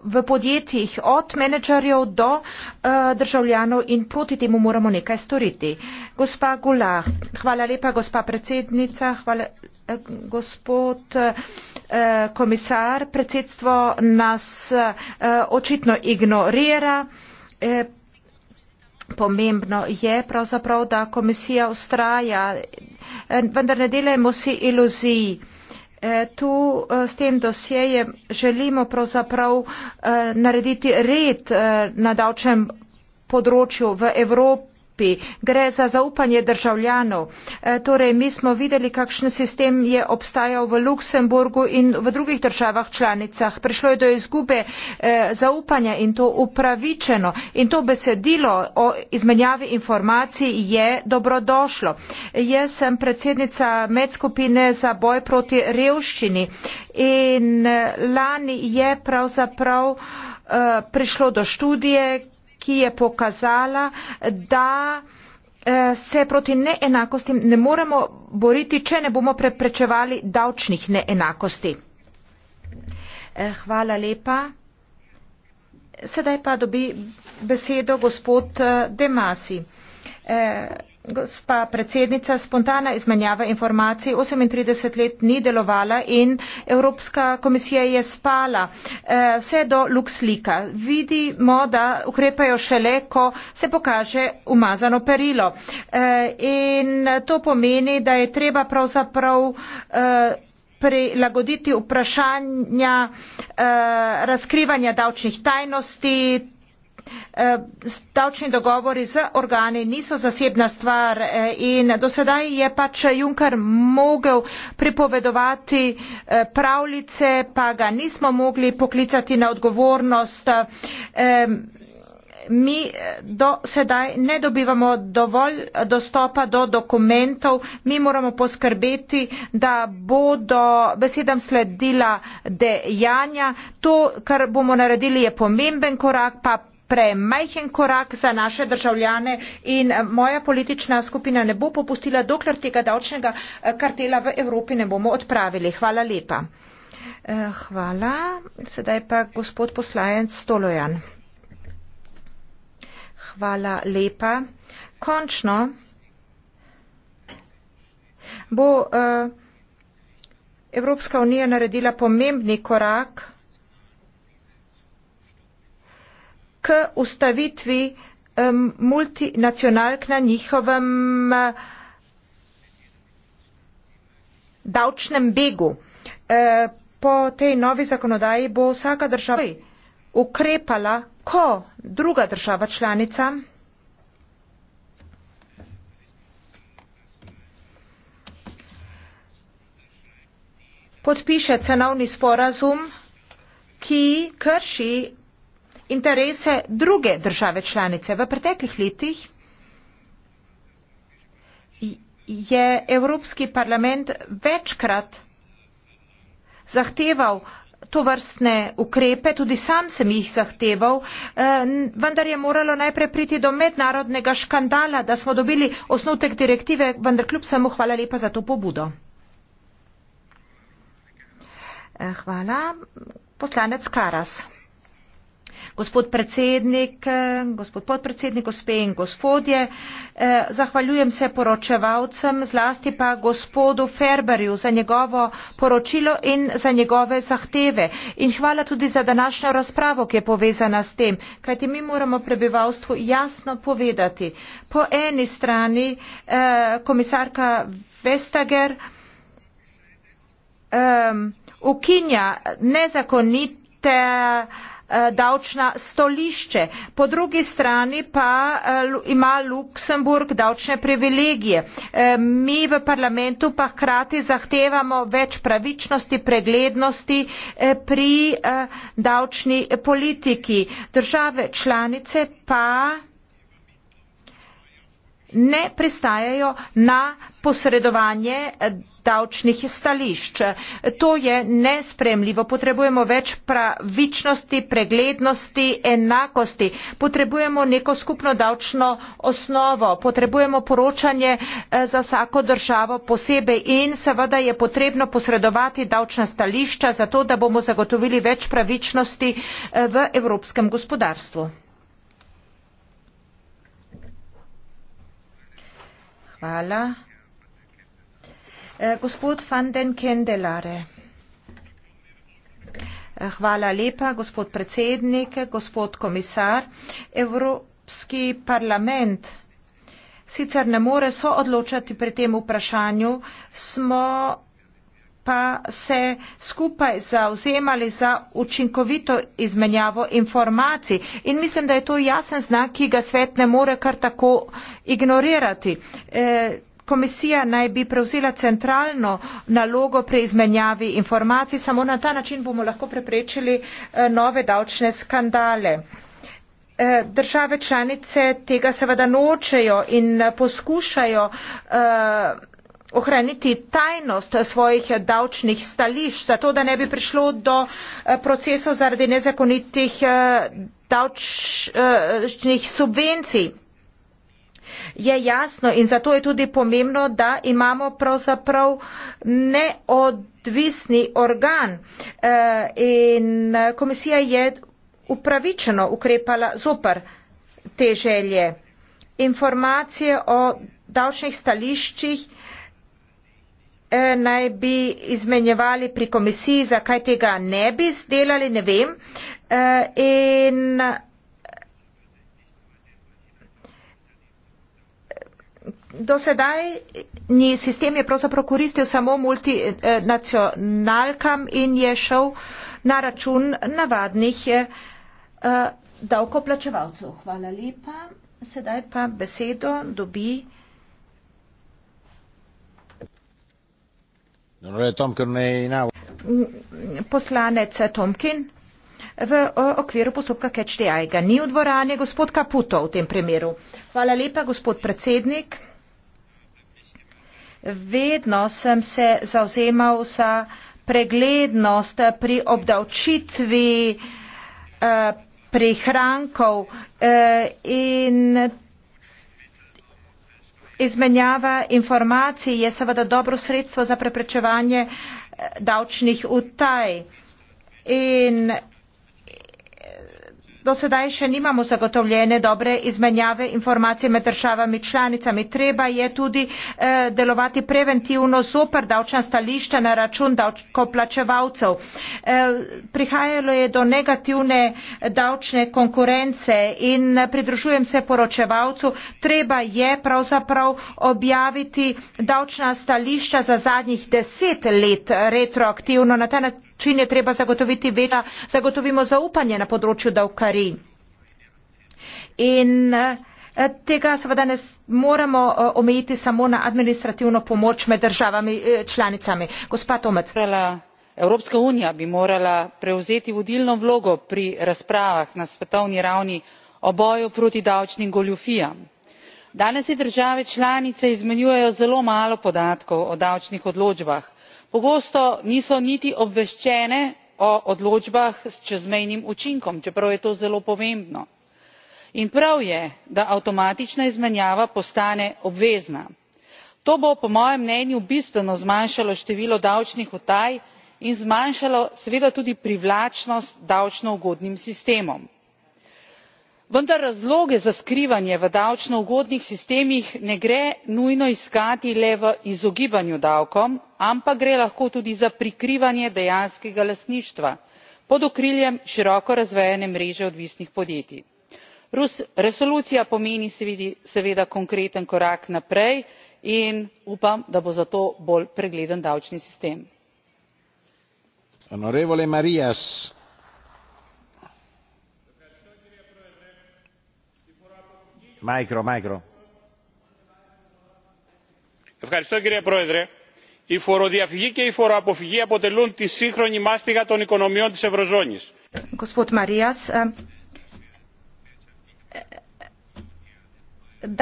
v podjetjih od menedžerjev do uh, državljanov in proti temu moramo nekaj storiti. Gospa Gula, hvala lepa, gospa predsednica, hvala, eh, gospod eh, komisar, predsedstvo nas eh, očitno ignorira. Eh, pomembno je pravzaprav, da komisija ustraja, vendar ne delajmo si iluzij. E, tu e, s tem dosjejem želimo pravzaprav e, narediti red na davčnem področju v Evropi Evropi, gre za zaupanje državljanov. E, torej, mi smo videli, kakšen sistem je obstajal v Luksemburgu in v drugih državah članicah. Prišlo je do izgube e, zaupanja in to upravičeno. In to besedilo o izmenjavi informacij je dobrodošlo. Jaz sem predsednica medskupine za boj proti revščini in e, lani je pravzaprav prišlo do študije, ki je pokazala, da eh, se proti neenakostim ne moremo boriti, če ne bomo preprečevali davčnih neenakosti. Eh, hvala lepa. Sedaj pa dobi besedo gospod eh, Demasi gospa predsednica spontana izmenjava informacij osemintrideset let ni delovala in evropska komisija je spala eh, vse do luxleaksa vidimo da ukrepajo šele ko se pokaže umazano perilo eh, in to pomeni da je treba pravzaprav eh, prilagoditi vprašanja razkrivanja davčnih tajnosti davčni eh, dogovori z organi niso zasebna stvar eh, in dosedaj je pač Junker mogel pripovedovati eh, pravljice, pa ga nismo mogli poklicati na odgovornost. Mi dosedaj ne dobivamo dovolj dostopa do dokumentov, mi moramo poskrbeti, da bodo besedam sledila dejanja. To, kar bomo naredili, je pomemben korak, pa premajhen korak za naše državljane in eh, moja politična skupina ne bo popustila, dokler tega davčnega eh, kartela v Evropi ne bomo odpravili. Hvala lepa. Eh, hvala. Sedaj pa gospod poslajenc Stolojan. Hvala lepa. Končno bo uh, Evropska unija naredila pomembni korak k ustavitvi multinacionalk na njihovem eh, davčnem begu. Eh, po tej novi zakonodaji bo vsaka država ukrepala, ko druga država članica podpiše cenovni sporazum, ki krši interese druge države članice. V preteklih letih je Evropski parlament večkrat zahteval to vrstne ukrepe, tudi sam sem jih zahteval, eh, vendar je moralo najprej priti do mednarodnega škandala, da smo dobili osnutek direktive, vendar kljub samo hvala lepa za to pobudo. Eh, hvala. Poslanec Karas gospod predsednik, eh, gospod podpredsednik, gospe in gospodje. Eh, zahvaljujem se poročevalcem, zlasti pa gospodu Ferberju za njegovo poročilo in za njegove zahteve. In hvala tudi za današnjo razpravo, ki je povezana s tem, kajti mi moramo prebivalstvu jasno povedati. Po eni strani eh, komisarka Vestager ukinja nezakonite Eh, davčna stolišče. Po drugi strani pa eh, ima Luksemburg davčne privilegije. Eh, mi v parlamentu pa hkrati zahtevamo več pravičnosti, preglednosti pri davčni politiki. Države članice pa ne pristajajo na posredovanje eh, davčnih stališč. To je nespremljivo. Potrebujemo več pravičnosti, preglednosti, enakosti. Potrebujemo neko skupno davčno osnovo. Potrebujemo poročanje eh, za vsako državo posebej in seveda je potrebno posredovati davčna stališča zato, da bomo zagotovili več pravičnosti eh, v evropskem gospodarstvu. Hvala. E, gospod Van den Kendelare. Eh, hvala lepa, gospod predsednik, gospod komisar. Evropski parlament sicer ne more soodločati pri tem vprašanju, smo pa se skupaj zauzemali za učinkovito izmenjavo informacij. In mislim, da je to jasen znak, ki ga svet ne more kar tako ignorirati. E, komisija naj bi prevzela centralno nalogo pri izmenjavi informacij, samo na ta način bomo lahko preprečili e, nove davčne skandale. E, države članice tega seveda nočejo in poskušajo uh, ohraniti tajnost svojih davčnih stališč, zato da ne bi prišlo do eh, procesov zaradi nezakonitih eh, davčnih eh, subvencij. Je jasno in zato je tudi pomembno, da imamo pravzaprav neodvisni organ in komisija je upravičeno ukrepala zoper te želje. Informacije o davčnih stališčih Eh, naj bi izmenjevali pri komisiji, zakaj tega ne bi izdelali, ne vem. Eh, in eh, do sedaj ni sistem je pravzaprav koristil samo multinacionalkam in je šel na račun navadnih davkoplačevalcev. Hvala lepa. Sedaj pa besedo dobi. Mm, poslanec Tomkin v okviru postopka KEČDI ga ni v dvorani, gospod Kaputo v tem primeru. Hvala lepa, gospod predsednik. Vedno sem se zauzemal za preglednost pri obdavčitvi eh, prihrankov eh, in Izmenjava informacij je seveda dobro sredstvo za preprečevanje eh, davčnih utaj in do sedaj še nimamo zagotovljene dobre izmenjave informacij med državami članicami. Treba je tudi eh, delovati preventivno zoper davčna stališča na račun davkoplačevalcev. Eh, prihajalo je do negativne davčne konkurence in pridružujem se poročevalcu. Treba je pravzaprav objaviti davčna stališča za zadnjih deset let retroaktivno na ta način čim je treba zagotoviti večja, zagotovimo zaupanje na področju davkarij. In eh, tega seveda ne moramo eh, omejiti samo na administrativno pomoč med državami eh, članicami. Gospa Tomec. Evropska unija bi morala prevzeti vodilno vlogo pri razpravah na svetovni ravni o boju proti davčnim goljufijam. Danes se države članice izmenjujejo zelo malo podatkov o davčnih odločbah pogosto niso niti obveščene o odločbah s čezmejnim učinkom čeprav je to zelo pomembno in prav je da avtomatična izmenjava postane obvezna. to bo po mojem mnenju bistveno zmanjšalo število davčnih utaj in zmanjšalo seveda tudi privlačnost davčno ugodnim sistemom vendar razloge za skrivanje v davčno ugodnih sistemih ne gre nujno iskati le v izogibanju davkom ampak gre lahko tudi za prikrivanje dejanskega lastništva pod okriljem široko razvejane mreže odvisnih podjetij. resolucija pomeni seveda konkreten korak naprej in upam da bo zato bolj pregleden davčni sistem. η φοροδιαφυγή και η φοροαποφυγή αποτελούν τη σύγχρονη μάστιγα των οικονομιών της ευρωζώνης.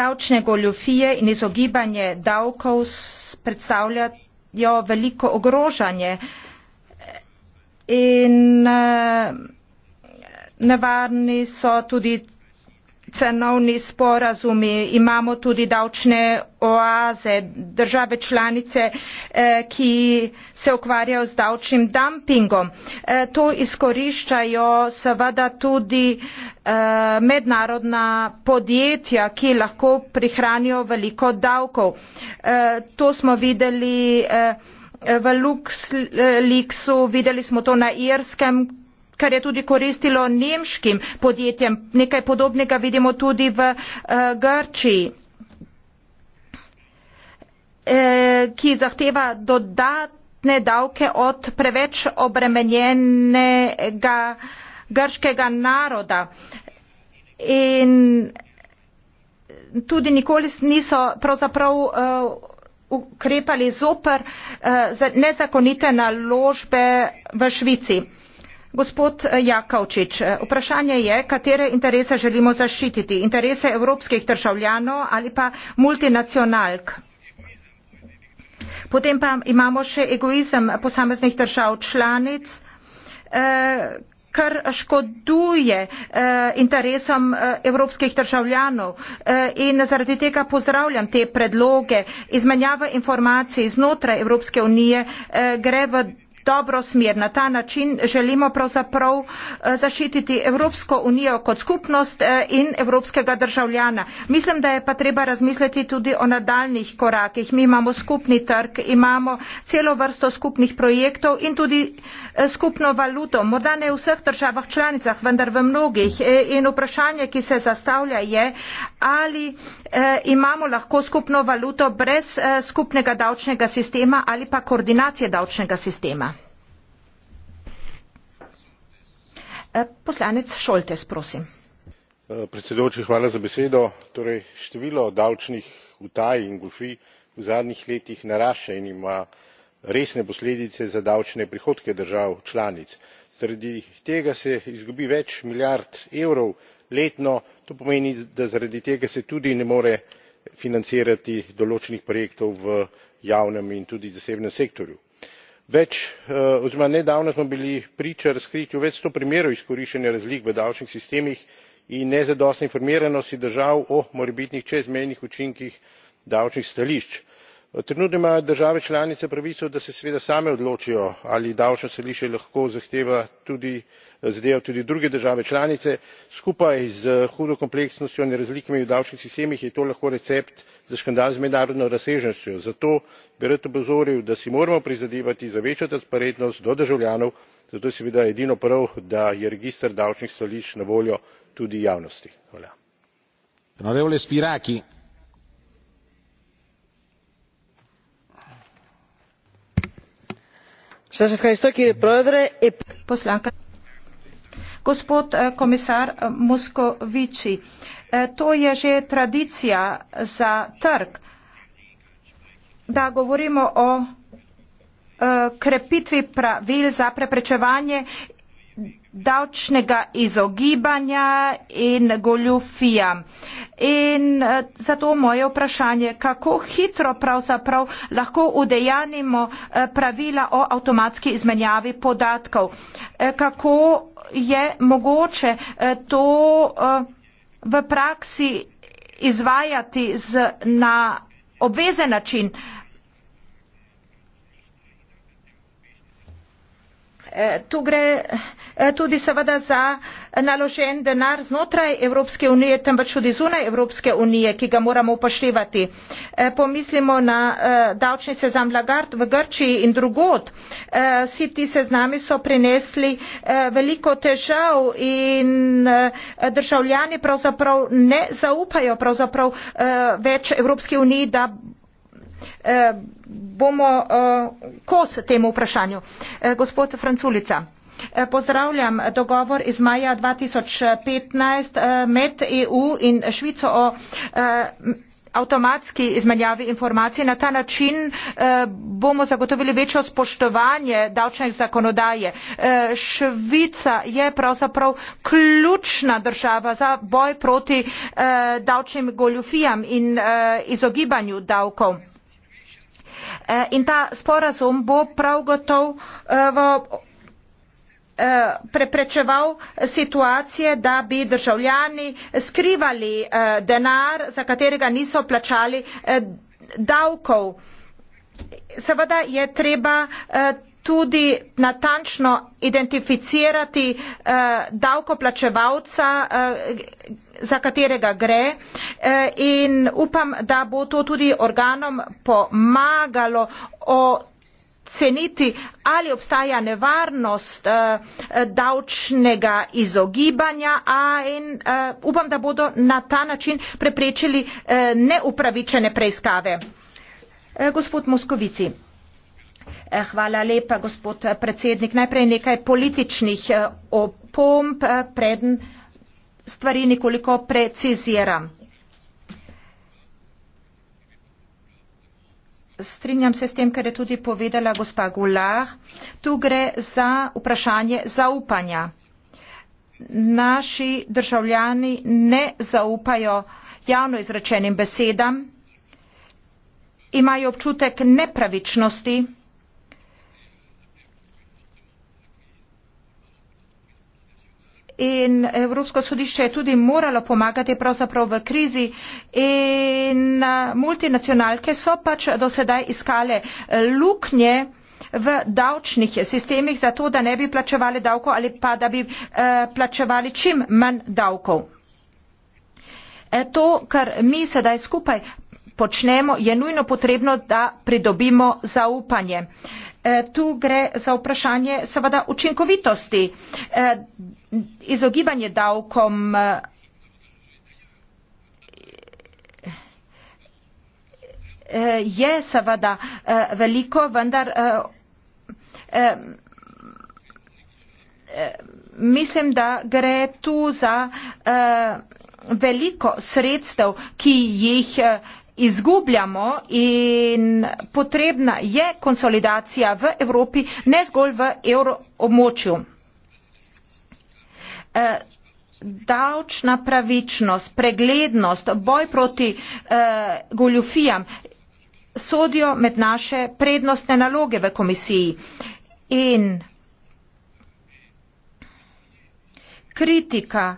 Davčne goljofije in izogibanje davkov predstavljajo veliko ogrožanje in eh, nevarni so tudi cenovni sporazumi, imamo tudi davčne oaze, države članice, eh, ki se ukvarjajo z davčnim dumpingom. Eh, to izkoriščajo seveda tudi eh, mednarodna podjetja, ki lahko prihranijo veliko davkov. To smo videli v LuxLeaksu, videli smo to na Irskem, kar je tudi koristilo nemškim podjetjem. Nekaj podobnega vidimo tudi v eh, Grčiji, eh, ki zahteva dodatne davke od preveč obremenjenega grškega naroda. In tudi nikoli niso pravzaprav uh, ukrepali zoper uh, nezakonite naložbe v Švici. Gospod eh, Jakovčič, eh, vprašanje je, katere interese želimo zaščititi, interese evropskih državljanov ali pa multinacionalk. Potem pa imamo še egoizem posameznih držav članic, eh, kar škoduje interesom evropskih državljanov in zaradi tega pozdravljam te predloge. Izmenjava informacij znotraj Evropske unije gre v dobro smer. Na ta način želimo pravzaprav eh, zaščititi Evropsko unijo kot skupnost eh, in evropskega državljana. Mislim, da je pa treba razmisliti tudi o nadaljnih korakih. Mi imamo skupni trg, imamo celo vrsto skupnih projektov in tudi eh, skupno valuto. Morda ne v vseh državah članicah, vendar v mnogih. In vprašanje, ki se zastavlja, je, ali imamo lahko skupno valuto brez skupnega davčnega sistema ali pa koordinacije davčnega sistema. Eh, poslanec šoltes prosim. Eh, predsedujoči hvala za besedo. torej število davčnih utaj in goljufij v zadnjih letih narašča in ima resne posledice za davčne prihodke držav članic. zaradi tega se izgubi več milijard evrov letno to pomeni da zaradi tega se tudi ne more financirati določenih projektov v javnem in tudi zasebnem sektorju. Eh, nedavno smo bili priča razkritju več sto primerov izkoriščanja razlik v davčnih sistemih in nezadostne informiranosti držav o morebitnih čezmejnih učinkih davčnih stališč trenutno imajo države članice pravico da se seveda same odločijo ali davčno stališče lahko zahtevajo tudi druge države članice skupaj s hudo kompleksnostjo in razlikami v davčnih sistemih je to lahko recept za škandal z mednarodno razsežnostjo zato bi rad opozoril da si moramo prizadevati za večjo transparentnost do državljanov zato je seveda edino prav da je register davčnih stališč na voljo tudi javnosti. gospod eh, komisar eh, moscovici eh, to je že tradicija za trg da govorimo o krepitvi pravil za preprečevanje in sprejemanje novih pravil davčnega izogibanja in goljufija. In eh, zato moje vprašanje, kako hitro pravzaprav lahko udejanimo eh, pravila o avtomatski izmenjavi podatkov, eh, kako je mogoče to v praksi izvajati na obvezen način. Tu gre Eh, tudi seveda za naložen denar znotraj Evropske unije, temveč tudi zunaj Evropske unije, ki ga moramo upoštevati. Eh, pomislimo na eh, davčni sezam Lagard v Grčiji in drugod. Vsi ti seznami so prinesli veliko težav in državljani pravzaprav ne zaupajo pravzaprav več Evropske unije, da bomo kos temu vprašanju. Gospod Franculica. Eh, pozdravljam dogovor iz maja 2015 eh, med EU in Švico o eh, avtomatski izmenjavi informacij. Na ta način bomo zagotovili večjo spoštovanje davčne zakonodaje. Švica je pravzaprav ključna država za boj proti davčnim goljufijam in izogibanju davkov. In ta sporazum bo prav gotovo Eh, preprečeval situacije, da bi državljani skrivali eh, denar, za katerega niso plačali eh, davkov. Seveda je treba tudi natančno identificirati davkoplačevalca, za katerega gre in upam, da bo to tudi organom pomagalo o oceniti, ali obstaja nevarnost eh, davčnega izogibanja, a in eh, upam, da bodo na ta način preprečili eh, neupravičene preiskave. Gospod Moskovici. Hvala lepa, gospod predsednik. Najprej nekaj političnih opomb, preden stvari nekoliko preciziram. Strinjam se s tem, kar je tudi povedala gospa Gular. Tu gre za vprašanje zaupanja. Naši državljani ne zaupajo javno izrečenim besedam, imajo občutek nepravičnosti, in Evropsko sodišče je tudi moralo pomagati pravzaprav v krizi in multinacionalke so pač do sedaj iskale e, luknje v davčnih sistemih za to, da ne bi plačevali davkov ali pa da bi e, plačevali čim manj davkov. E, to, kar mi sedaj skupaj počnemo, je nujno potrebno, da pridobimo zaupanje. Eh, tu gre za vprašanje seveda učinkovitosti. Eh, izogibanje davkom eh, je seveda veliko, vendar mislim, da gre tu za veliko sredstev, ki jih izgubljamo in potrebna je konsolidacija v Evropi, ne zgolj v evroobmočju. Eh, davčna pravičnost, preglednost, boj proti eh, goljufijam sodijo med naše prednostne naloge v komisiji. In kritika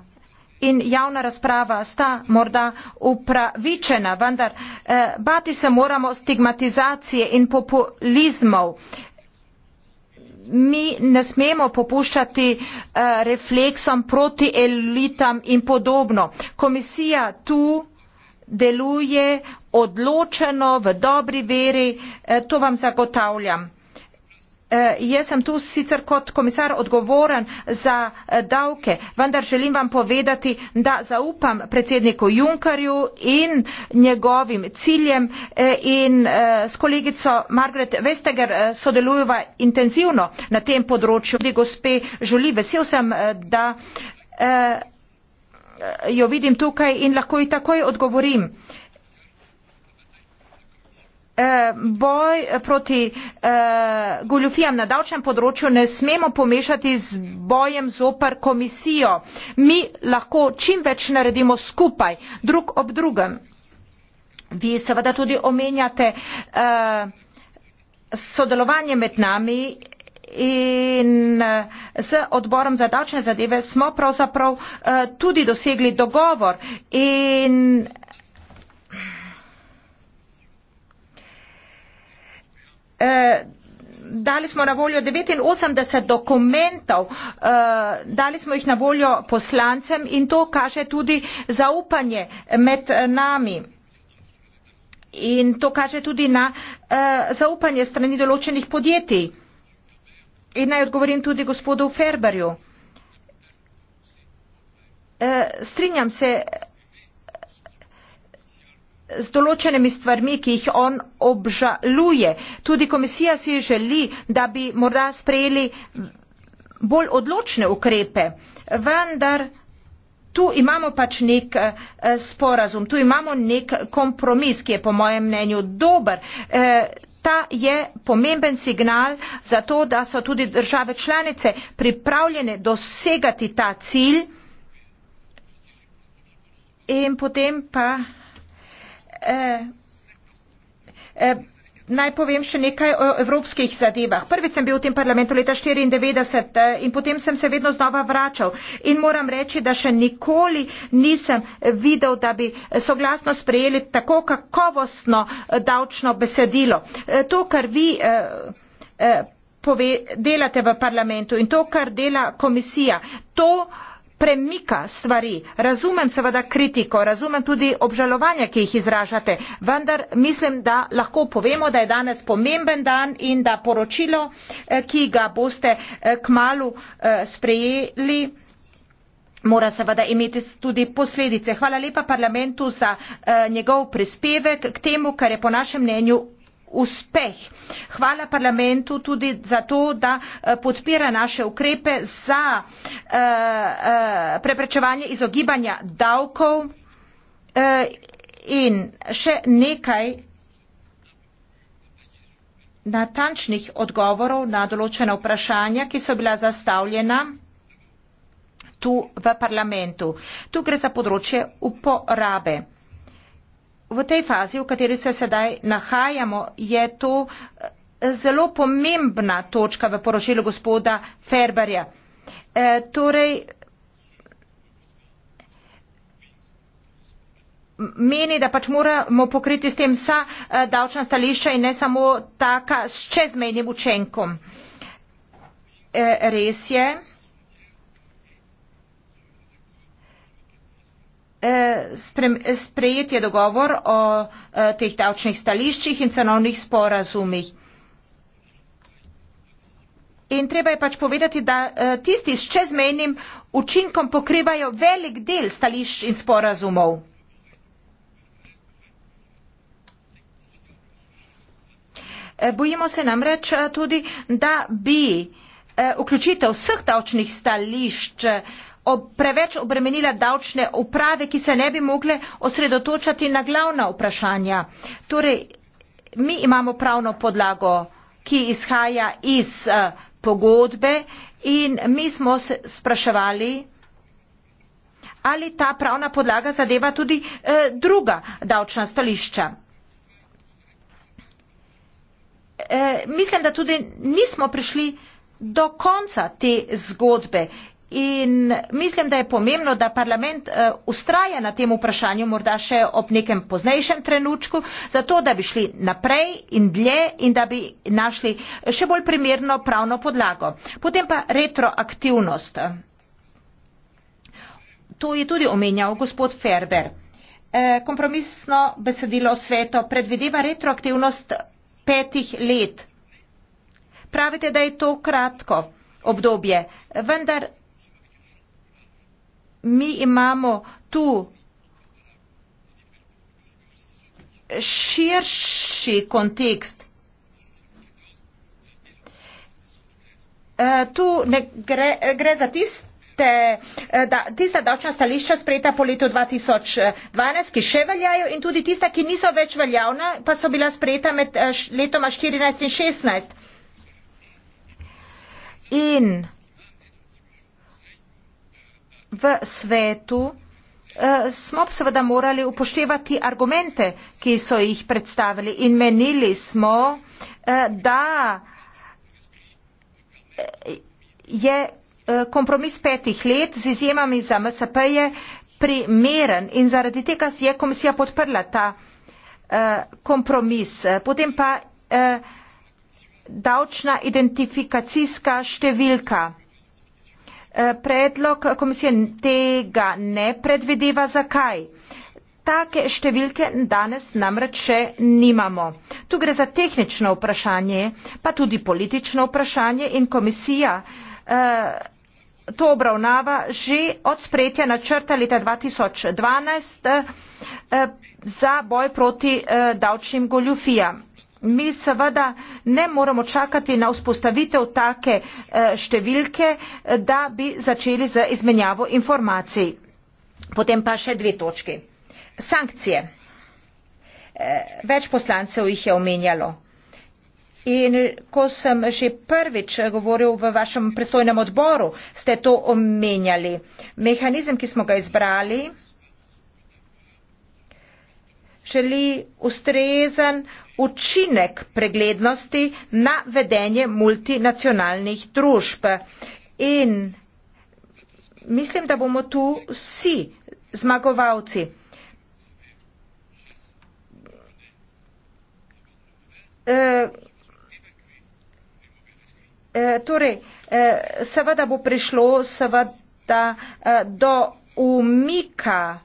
in javna razprava sta morda upravičena, vendar eh, bati se moramo stigmatizacije in populizmov. Mi ne smemo popuščati eh, refleksom proti elitam in podobno. Komisija tu deluje odločeno v dobri veri, eh, to vam zagotavljam. Eh, jaz sem tu sicer kot komisar odgovoren za eh, davke, vendar želim vam povedati, da zaupam predsedniku Junkerju in njegovim ciljem eh, in s kolegico Margaret Vesteger sodelujeva intenzivno na tem področju. Tudi gospe Žuli, vesel sem, da jo vidim tukaj in lahko ji takoj odgovorim. Eh, boj eh, proti eh, goljufijam na davčnem področju ne smemo pomešati z bojem zoper komisijo. Mi lahko čim več naredimo skupaj, drug ob drugem. Vi seveda tudi omenjate eh, sodelovanje med nami in eh, z odborom za davčne zadeve smo pravzaprav eh, tudi dosegli dogovor in Eh, dali smo na voljo 89 dokumentov, eh, dali smo jih na voljo poslancem in to kaže tudi zaupanje med eh, nami. In to kaže tudi na zaupanje strani določenih podjetij. In naj odgovorim tudi gospodu Ferberju. Strinjam se z določenimi stvarmi, ki jih on obžaluje. Tudi komisija si želi, da bi morda sprejeli bolj odločne ukrepe, vendar tu imamo pač nek eh, sporazum, tu imamo nek kompromis, ki je po mojem mnenju dober. Eh, ta je pomemben signal za to, da so tudi države članice pripravljene dosegati ta cilj in potem pa eh, eh, Naj povem še nekaj o evropskih zadevah. Prvič sem bil v tem parlamentu leta 1994 eh, in potem sem se vedno znova vračal. In moram reči, da še nikoli nisem videl, da bi soglasno sprejeli tako kakovostno eh, davčno besedilo. Eh, to, kar vi delate v parlamentu in to, kar dela komisija, to premika stvari. Razumem seveda kritiko, razumem tudi obžalovanja, ki jih izražate, vendar mislim, da lahko povemo, da je danes pomemben dan in da poročilo, eh, ki ga boste eh, k malu eh, sprejeli, mora seveda imeti tudi posledice. Hvala lepa parlamentu za njegov prispevek k temu, kar je po našem mnenju uspeh. Hvala parlamentu tudi za to, da eh, podpira naše ukrepe za uh, uh, preprečevanje izogibanja davkov uh, in še nekaj natančnih odgovorov na določena vprašanja, ki so bila zastavljena tu v parlamentu. Tu gre za področje uporabe v tej fazi, v kateri se sedaj nahajamo, je to eh, zelo pomembna točka v poročilu gospoda Ferberja. E, torej, meni, da pač moramo pokriti s tem vsa eh, davčna stališča in ne samo taka s čezmejnim učenkom. E, res je. Eh, sprejet je dogovor o eh, teh davčnih stališčih in cenovnih sporazumih. In treba je pač povedati, da eh, tisti s čezmejnim učinkom pokrivajo velik del stališč in sporazumov. Bojimo se namreč tudi, da bi vključitev vseh davčnih stališč preveč obremenila davčne uprave, ki se ne bi mogle osredotočati na glavna vprašanja. Torej, mi imamo pravno podlago, ki izhaja iz eh, pogodbe in mi smo se spraševali, ali ta pravna podlaga zadeva tudi eh, druga davčna stališča. E, mislim, da tudi nismo prišli do konca te zgodbe. In mislim, da je pomembno, da parlament ustraja eh, na tem vprašanju, morda še ob nekem poznejšem trenutku, zato da bi šli naprej in dlje in da bi našli še bolj primerno pravno podlago. Potem pa retroaktivnost. To je tudi omenjal gospod Ferber. Eh, kompromisno besedilo sveto predvideva retroaktivnost petih let. Pravite, da je to kratko obdobje, vendar mi imamo tu širši kontekst. E, tu ne gre, gre za tist. Te, e, da, tista davčna stališča sprejeta po letu 2012, ki še veljajo in tudi tista, ki niso več veljavna, pa so bila sprejeta med e, š, letoma 2014 in 2016. In v svetu, eh, smo seveda morali upoštevati argumente, ki so jih predstavili in menili smo, eh, da eh, je kompromis petih let z izjemami za MSP je primeren in zaradi tega je komisija podprla ta kompromis. Potem pa davčna identifikacijska številka predlog komisije tega ne predvideva. Zakaj? Take številke danes namreč še nimamo. Tu gre za tehnično vprašanje, pa tudi politično vprašanje in komisija eh, to obravnava že od sprejetja načrta leta 2012 eh, za boj proti eh, davčnim goljufijam mi seveda ne moremo čakati na vzpostavitev take eh, številke, eh, da bi začeli z izmenjavo informacij. Potem pa še dve točki. Sankcije. Eh, več poslancev jih je omenjalo. In ko sem že prvič govoril v vašem pristojnem odboru, ste to omenjali. Mehanizem, ki smo ga izbrali, želi ustrezen učinek preglednosti na vedenje multinacionalnih družb. In mislim, da bomo tu vsi zmagovalci. E, e torej, e, seveda bo prišlo seveda e, do umika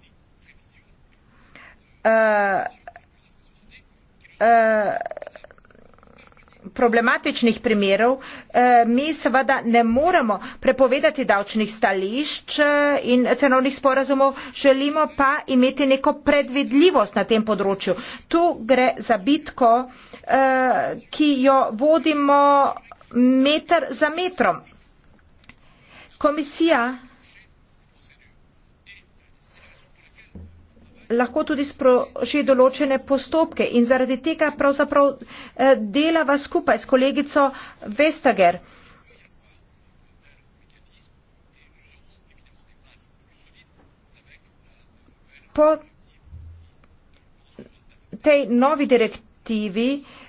Eh, problematičnih primerov, eh, mi seveda ne moremo prepovedati davčnih stališč eh, in cenovnih sporazumov, želimo pa imeti neko predvidljivost na tem področju. Tu gre za bitko, ki jo vodimo meter za metrom. Komisija lahko tudi sproži določene postopke in zaradi tega pravzaprav eh, delava skupaj s kolegico Vestager. Po tej novi direktivi,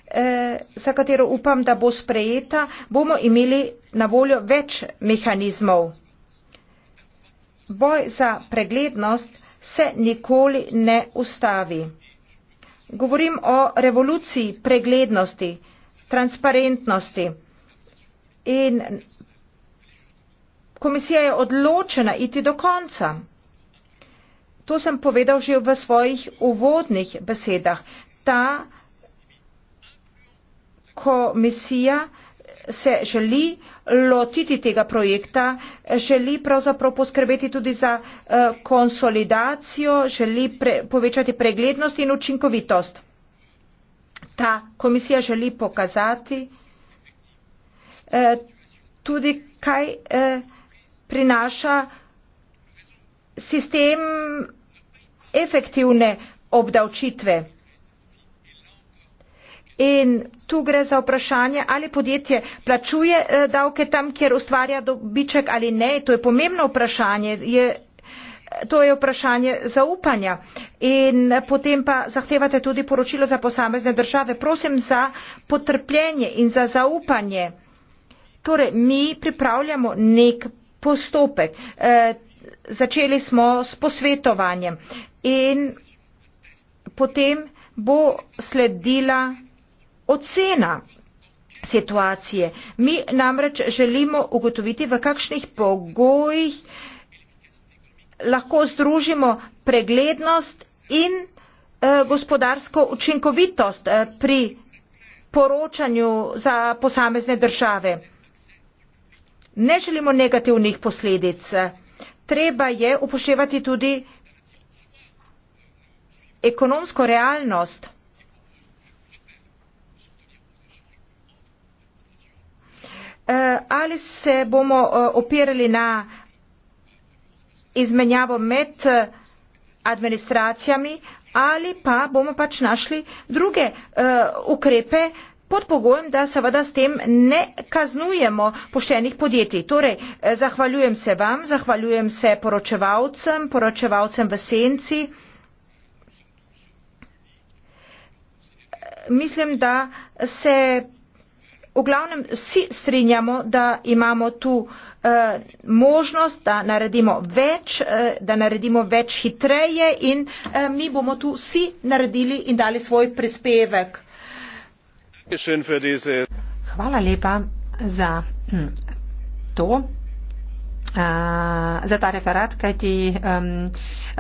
eh, za katero upam, da bo sprejeta, bomo imeli na voljo več mehanizmov. Boj za preglednost se nikoli ne ustavi. Govorim o revoluciji preglednosti, transparentnosti. In komisija je odločena iti do konca. To sem povedal že v svojih uvodnih besedah. Ta komisija se želi lotiti tega projekta, želi pravzaprav poskrbeti tudi za eh, konsolidacijo, želi pre, povečati preglednost in učinkovitost. Ta komisija želi pokazati eh, tudi, kaj eh, prinaša sistem efektivne obdavčitve. In tu gre za vprašanje, ali podjetje plačuje eh, davke tam, kjer ustvarja dobiček ali ne. To je pomembno vprašanje. Je, to je vprašanje zaupanja. In potem pa zahtevate tudi poročilo za posamezne države. Prosim za potrpljenje in za zaupanje. Torej, mi pripravljamo nek postopek. E, začeli smo s posvetovanjem in potem bo sledila ocena situacije. Mi namreč želimo ugotoviti, v kakšnih pogojih lahko združimo preglednost in eh, gospodarsko učinkovitost eh, pri poročanju za posamezne države. Ne želimo negativnih posledic. Treba je upoštevati tudi ekonomsko realnost. Eh, ali se bomo eh, opirali na izmenjavo med eh, administracijami ali pa bomo pač našli druge ukrepe pod pogojem, da seveda s tem ne kaznujemo poštenih podjetij. Torej, zahvaljujem se vam, zahvaljujem se poročevalcem, poročevalcem v senci. Mislim, da se v glavnem vsi strinjamo, da imamo tu eh, možnost, da naredimo več, eh, da naredimo več hitreje in eh, mi bomo tu vsi naredili in dali svoj prispevek. Hvala lepa za hm, to, za ta referat, kaj ti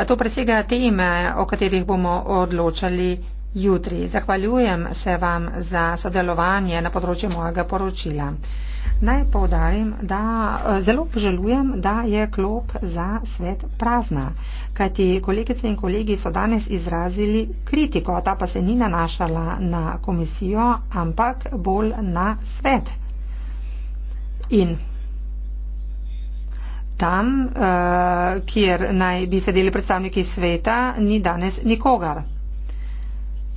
to presega teme, o katerih bomo odločali jutri. Zahvaljujem se vam za sodelovanje na področju mojega poročila. Naj povdarim, da eh, zelo poželujem, da je klop za svet prazna, kajti kolegice in kolegi so danes izrazili kritiko, ta pa se ni nanašala na komisijo, ampak bolj na svet. In tam, eh, kjer naj bi sedeli predstavniki sveta, ni danes nikogar.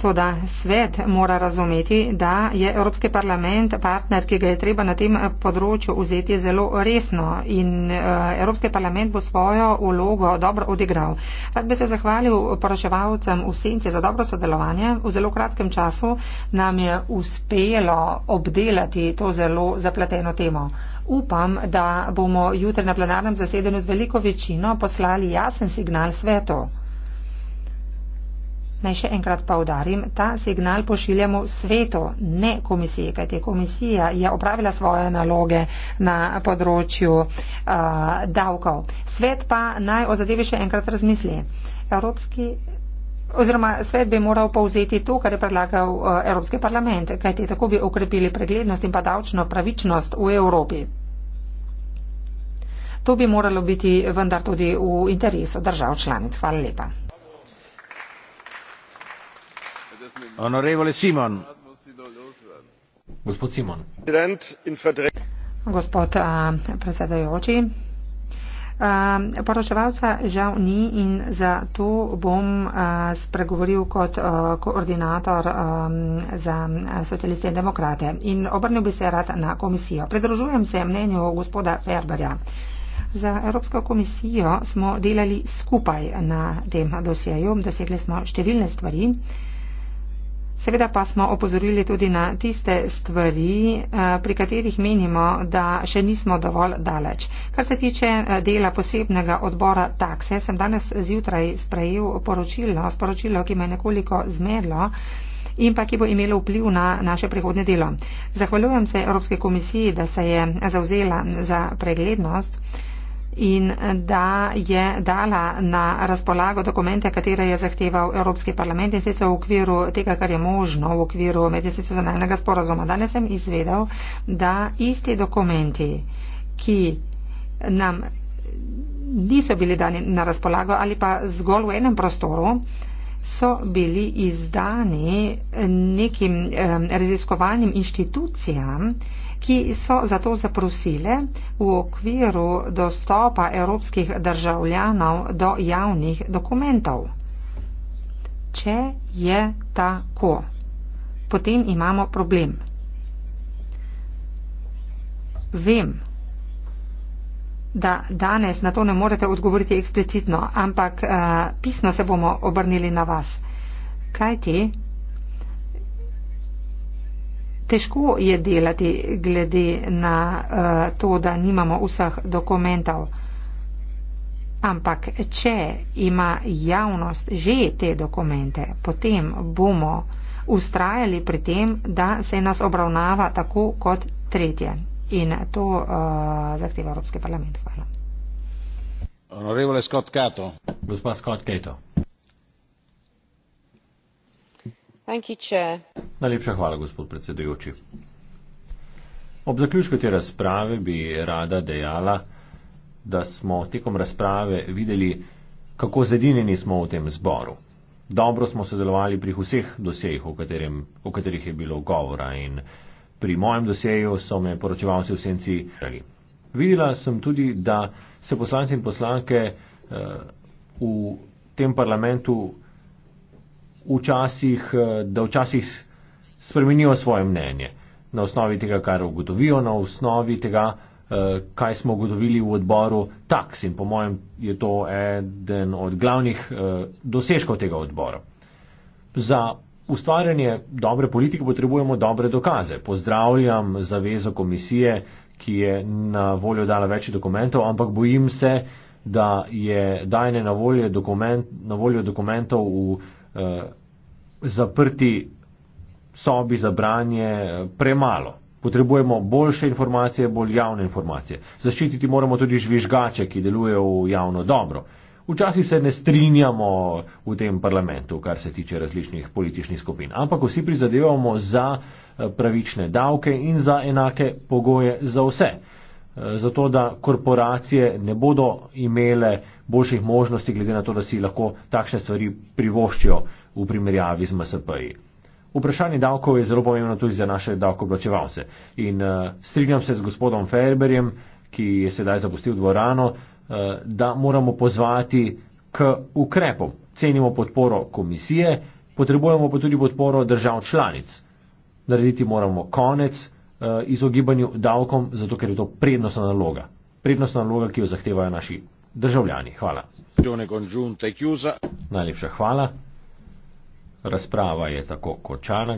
Toda svet mora razumeti, da je Evropski parlament partner, ki ga je treba na tem področju vzeti zelo resno in eh, Evropski parlament bo svojo ulogo dobro odigral. Rad bi se zahvalil poraševalcem v senci za dobro sodelovanje. V zelo kratkem času nam je uspelo obdelati to zelo zapleteno temo. Upam, da bomo jutri na plenarnem zasedanju z veliko večino poslali jasen signal svetu. Naj še enkrat povdarim, ta signal pošiljamo svetu, ne komisiji, kajte komisija je opravila svoje naloge na področju uh, davkov. Svet pa naj o zadevi še enkrat razmisli. Evropski, oziroma svet bi moral povzeti to, kar je predlagal uh, Evropski parlament, kajte tako bi ukrepili preglednost in pa davčno pravičnost v Evropi. To bi moralo biti vendar tudi v interesu držav članic. Hvala lepa. gospod predsedujoči poročevalca žal ni in zato bom spregovoril kot koordinator za socialiste in demokrate in obrnil bi se rad na komisijo. Pridružujem se mnenju gospoda Ferberja. Za Evropsko komisijo smo delali skupaj na tem dosjeju, dosegli smo številne stvari. Seveda pa smo opozorili tudi na tiste stvari, eh, pri katerih menimo, da še nismo dovolj daleč. Kar se tiče eh, dela posebnega odbora takse, sem danes zjutraj sprejel poročilo, sporočilo, ki me je nekoliko zmedlo in pa ki bo imelo vpliv na naše prihodne delo. Zahvaljujem se Evropske komisiji, da se je zauzela za preglednost in eh, da je dala na razpolago dokumente, katere je zahteval Evropski parlament in sicer v okviru tega, kar je možno v okviru medinstitucionalnega sporazuma. Danes sem izvedel, da isti dokumenti, ki nam niso bili dani na razpolago ali pa zgolj v enem prostoru, so bili izdani eh, nekim eh, raziskovalnim inštitucijam, ki so za to zaprosile v okviru dostopa evropskih državljanov do javnih dokumentov. Če je tako, potem imamo problem. Vem, da danes na to ne morete odgovoriti eksplicitno, ampak uh, pisno se bomo obrnili na vas. Kaj ti? Težko je delati glede na uh, to, da nimamo vseh dokumentov. Ampak, če ima javnost že te dokumente, potem bomo ustrajali pri tem, da se nas obravnava tako kot tretje in to uh, zahteva Evropski parlament. Hvala. Najlepša hvala, gospod predsedujoči. Ob zaključku te razprave bi rada dejala, da smo tekom razprave videli, kako zedinjeni smo v tem zboru. Dobro smo sodelovali pri vseh dosejih, o, katerim, o katerih je bilo govora in pri mojem doseju so me poročevalci v senci rekli. Videla sem tudi, da se poslanci in poslanke eh, v tem parlamentu včasih, eh, da včasih spremenijo svoje mnenje na osnovi tega, kar ugotovijo, na osnovi tega, eh, kaj smo ugotovili v odboru taks in po mojem je to eden od glavnih dosežkov tega odbora. Za ustvarjanje dobre politike potrebujemo dobre dokaze. Pozdravljam zavezo komisije, ki je na voljo dala več dokumentov, ampak bojim se, da je dajne na voljo, dokument, na voljo dokumentov v eh, zaprti sobi za branje eh, premalo. Potrebujemo boljše informacije, bolj javne informacije. Zaščititi moramo tudi žvižgače, ki delujejo v javno dobro. Včasih se ne strinjamo v tem parlamentu, kar se tiče različnih političnih skupin, ampak vsi prizadevamo za eh, pravične davke in za enake pogoje za vse. Eh, zato, da korporacije ne bodo imele boljših možnosti, glede na to, da si lahko takšne stvari privoščijo v primerjavi z MSP-ji. Vprašanje davkov je zelo pomembno tudi za naše davkoplačevalce. In eh, strinjam se z gospodom Ferberjem, ki je sedaj zapustil dvorano, Eh, da moramo pozvati k ukrepom. Cenimo podporo komisije, potrebujemo pa tudi podporo držav članic. Narediti moramo konec eh, izogibanju davkom, zato ker je to prednostna naloga. Prednostna naloga, ki jo zahtevajo naši državljani. Hvala. Najlepša hvala. Razprava je tako končana.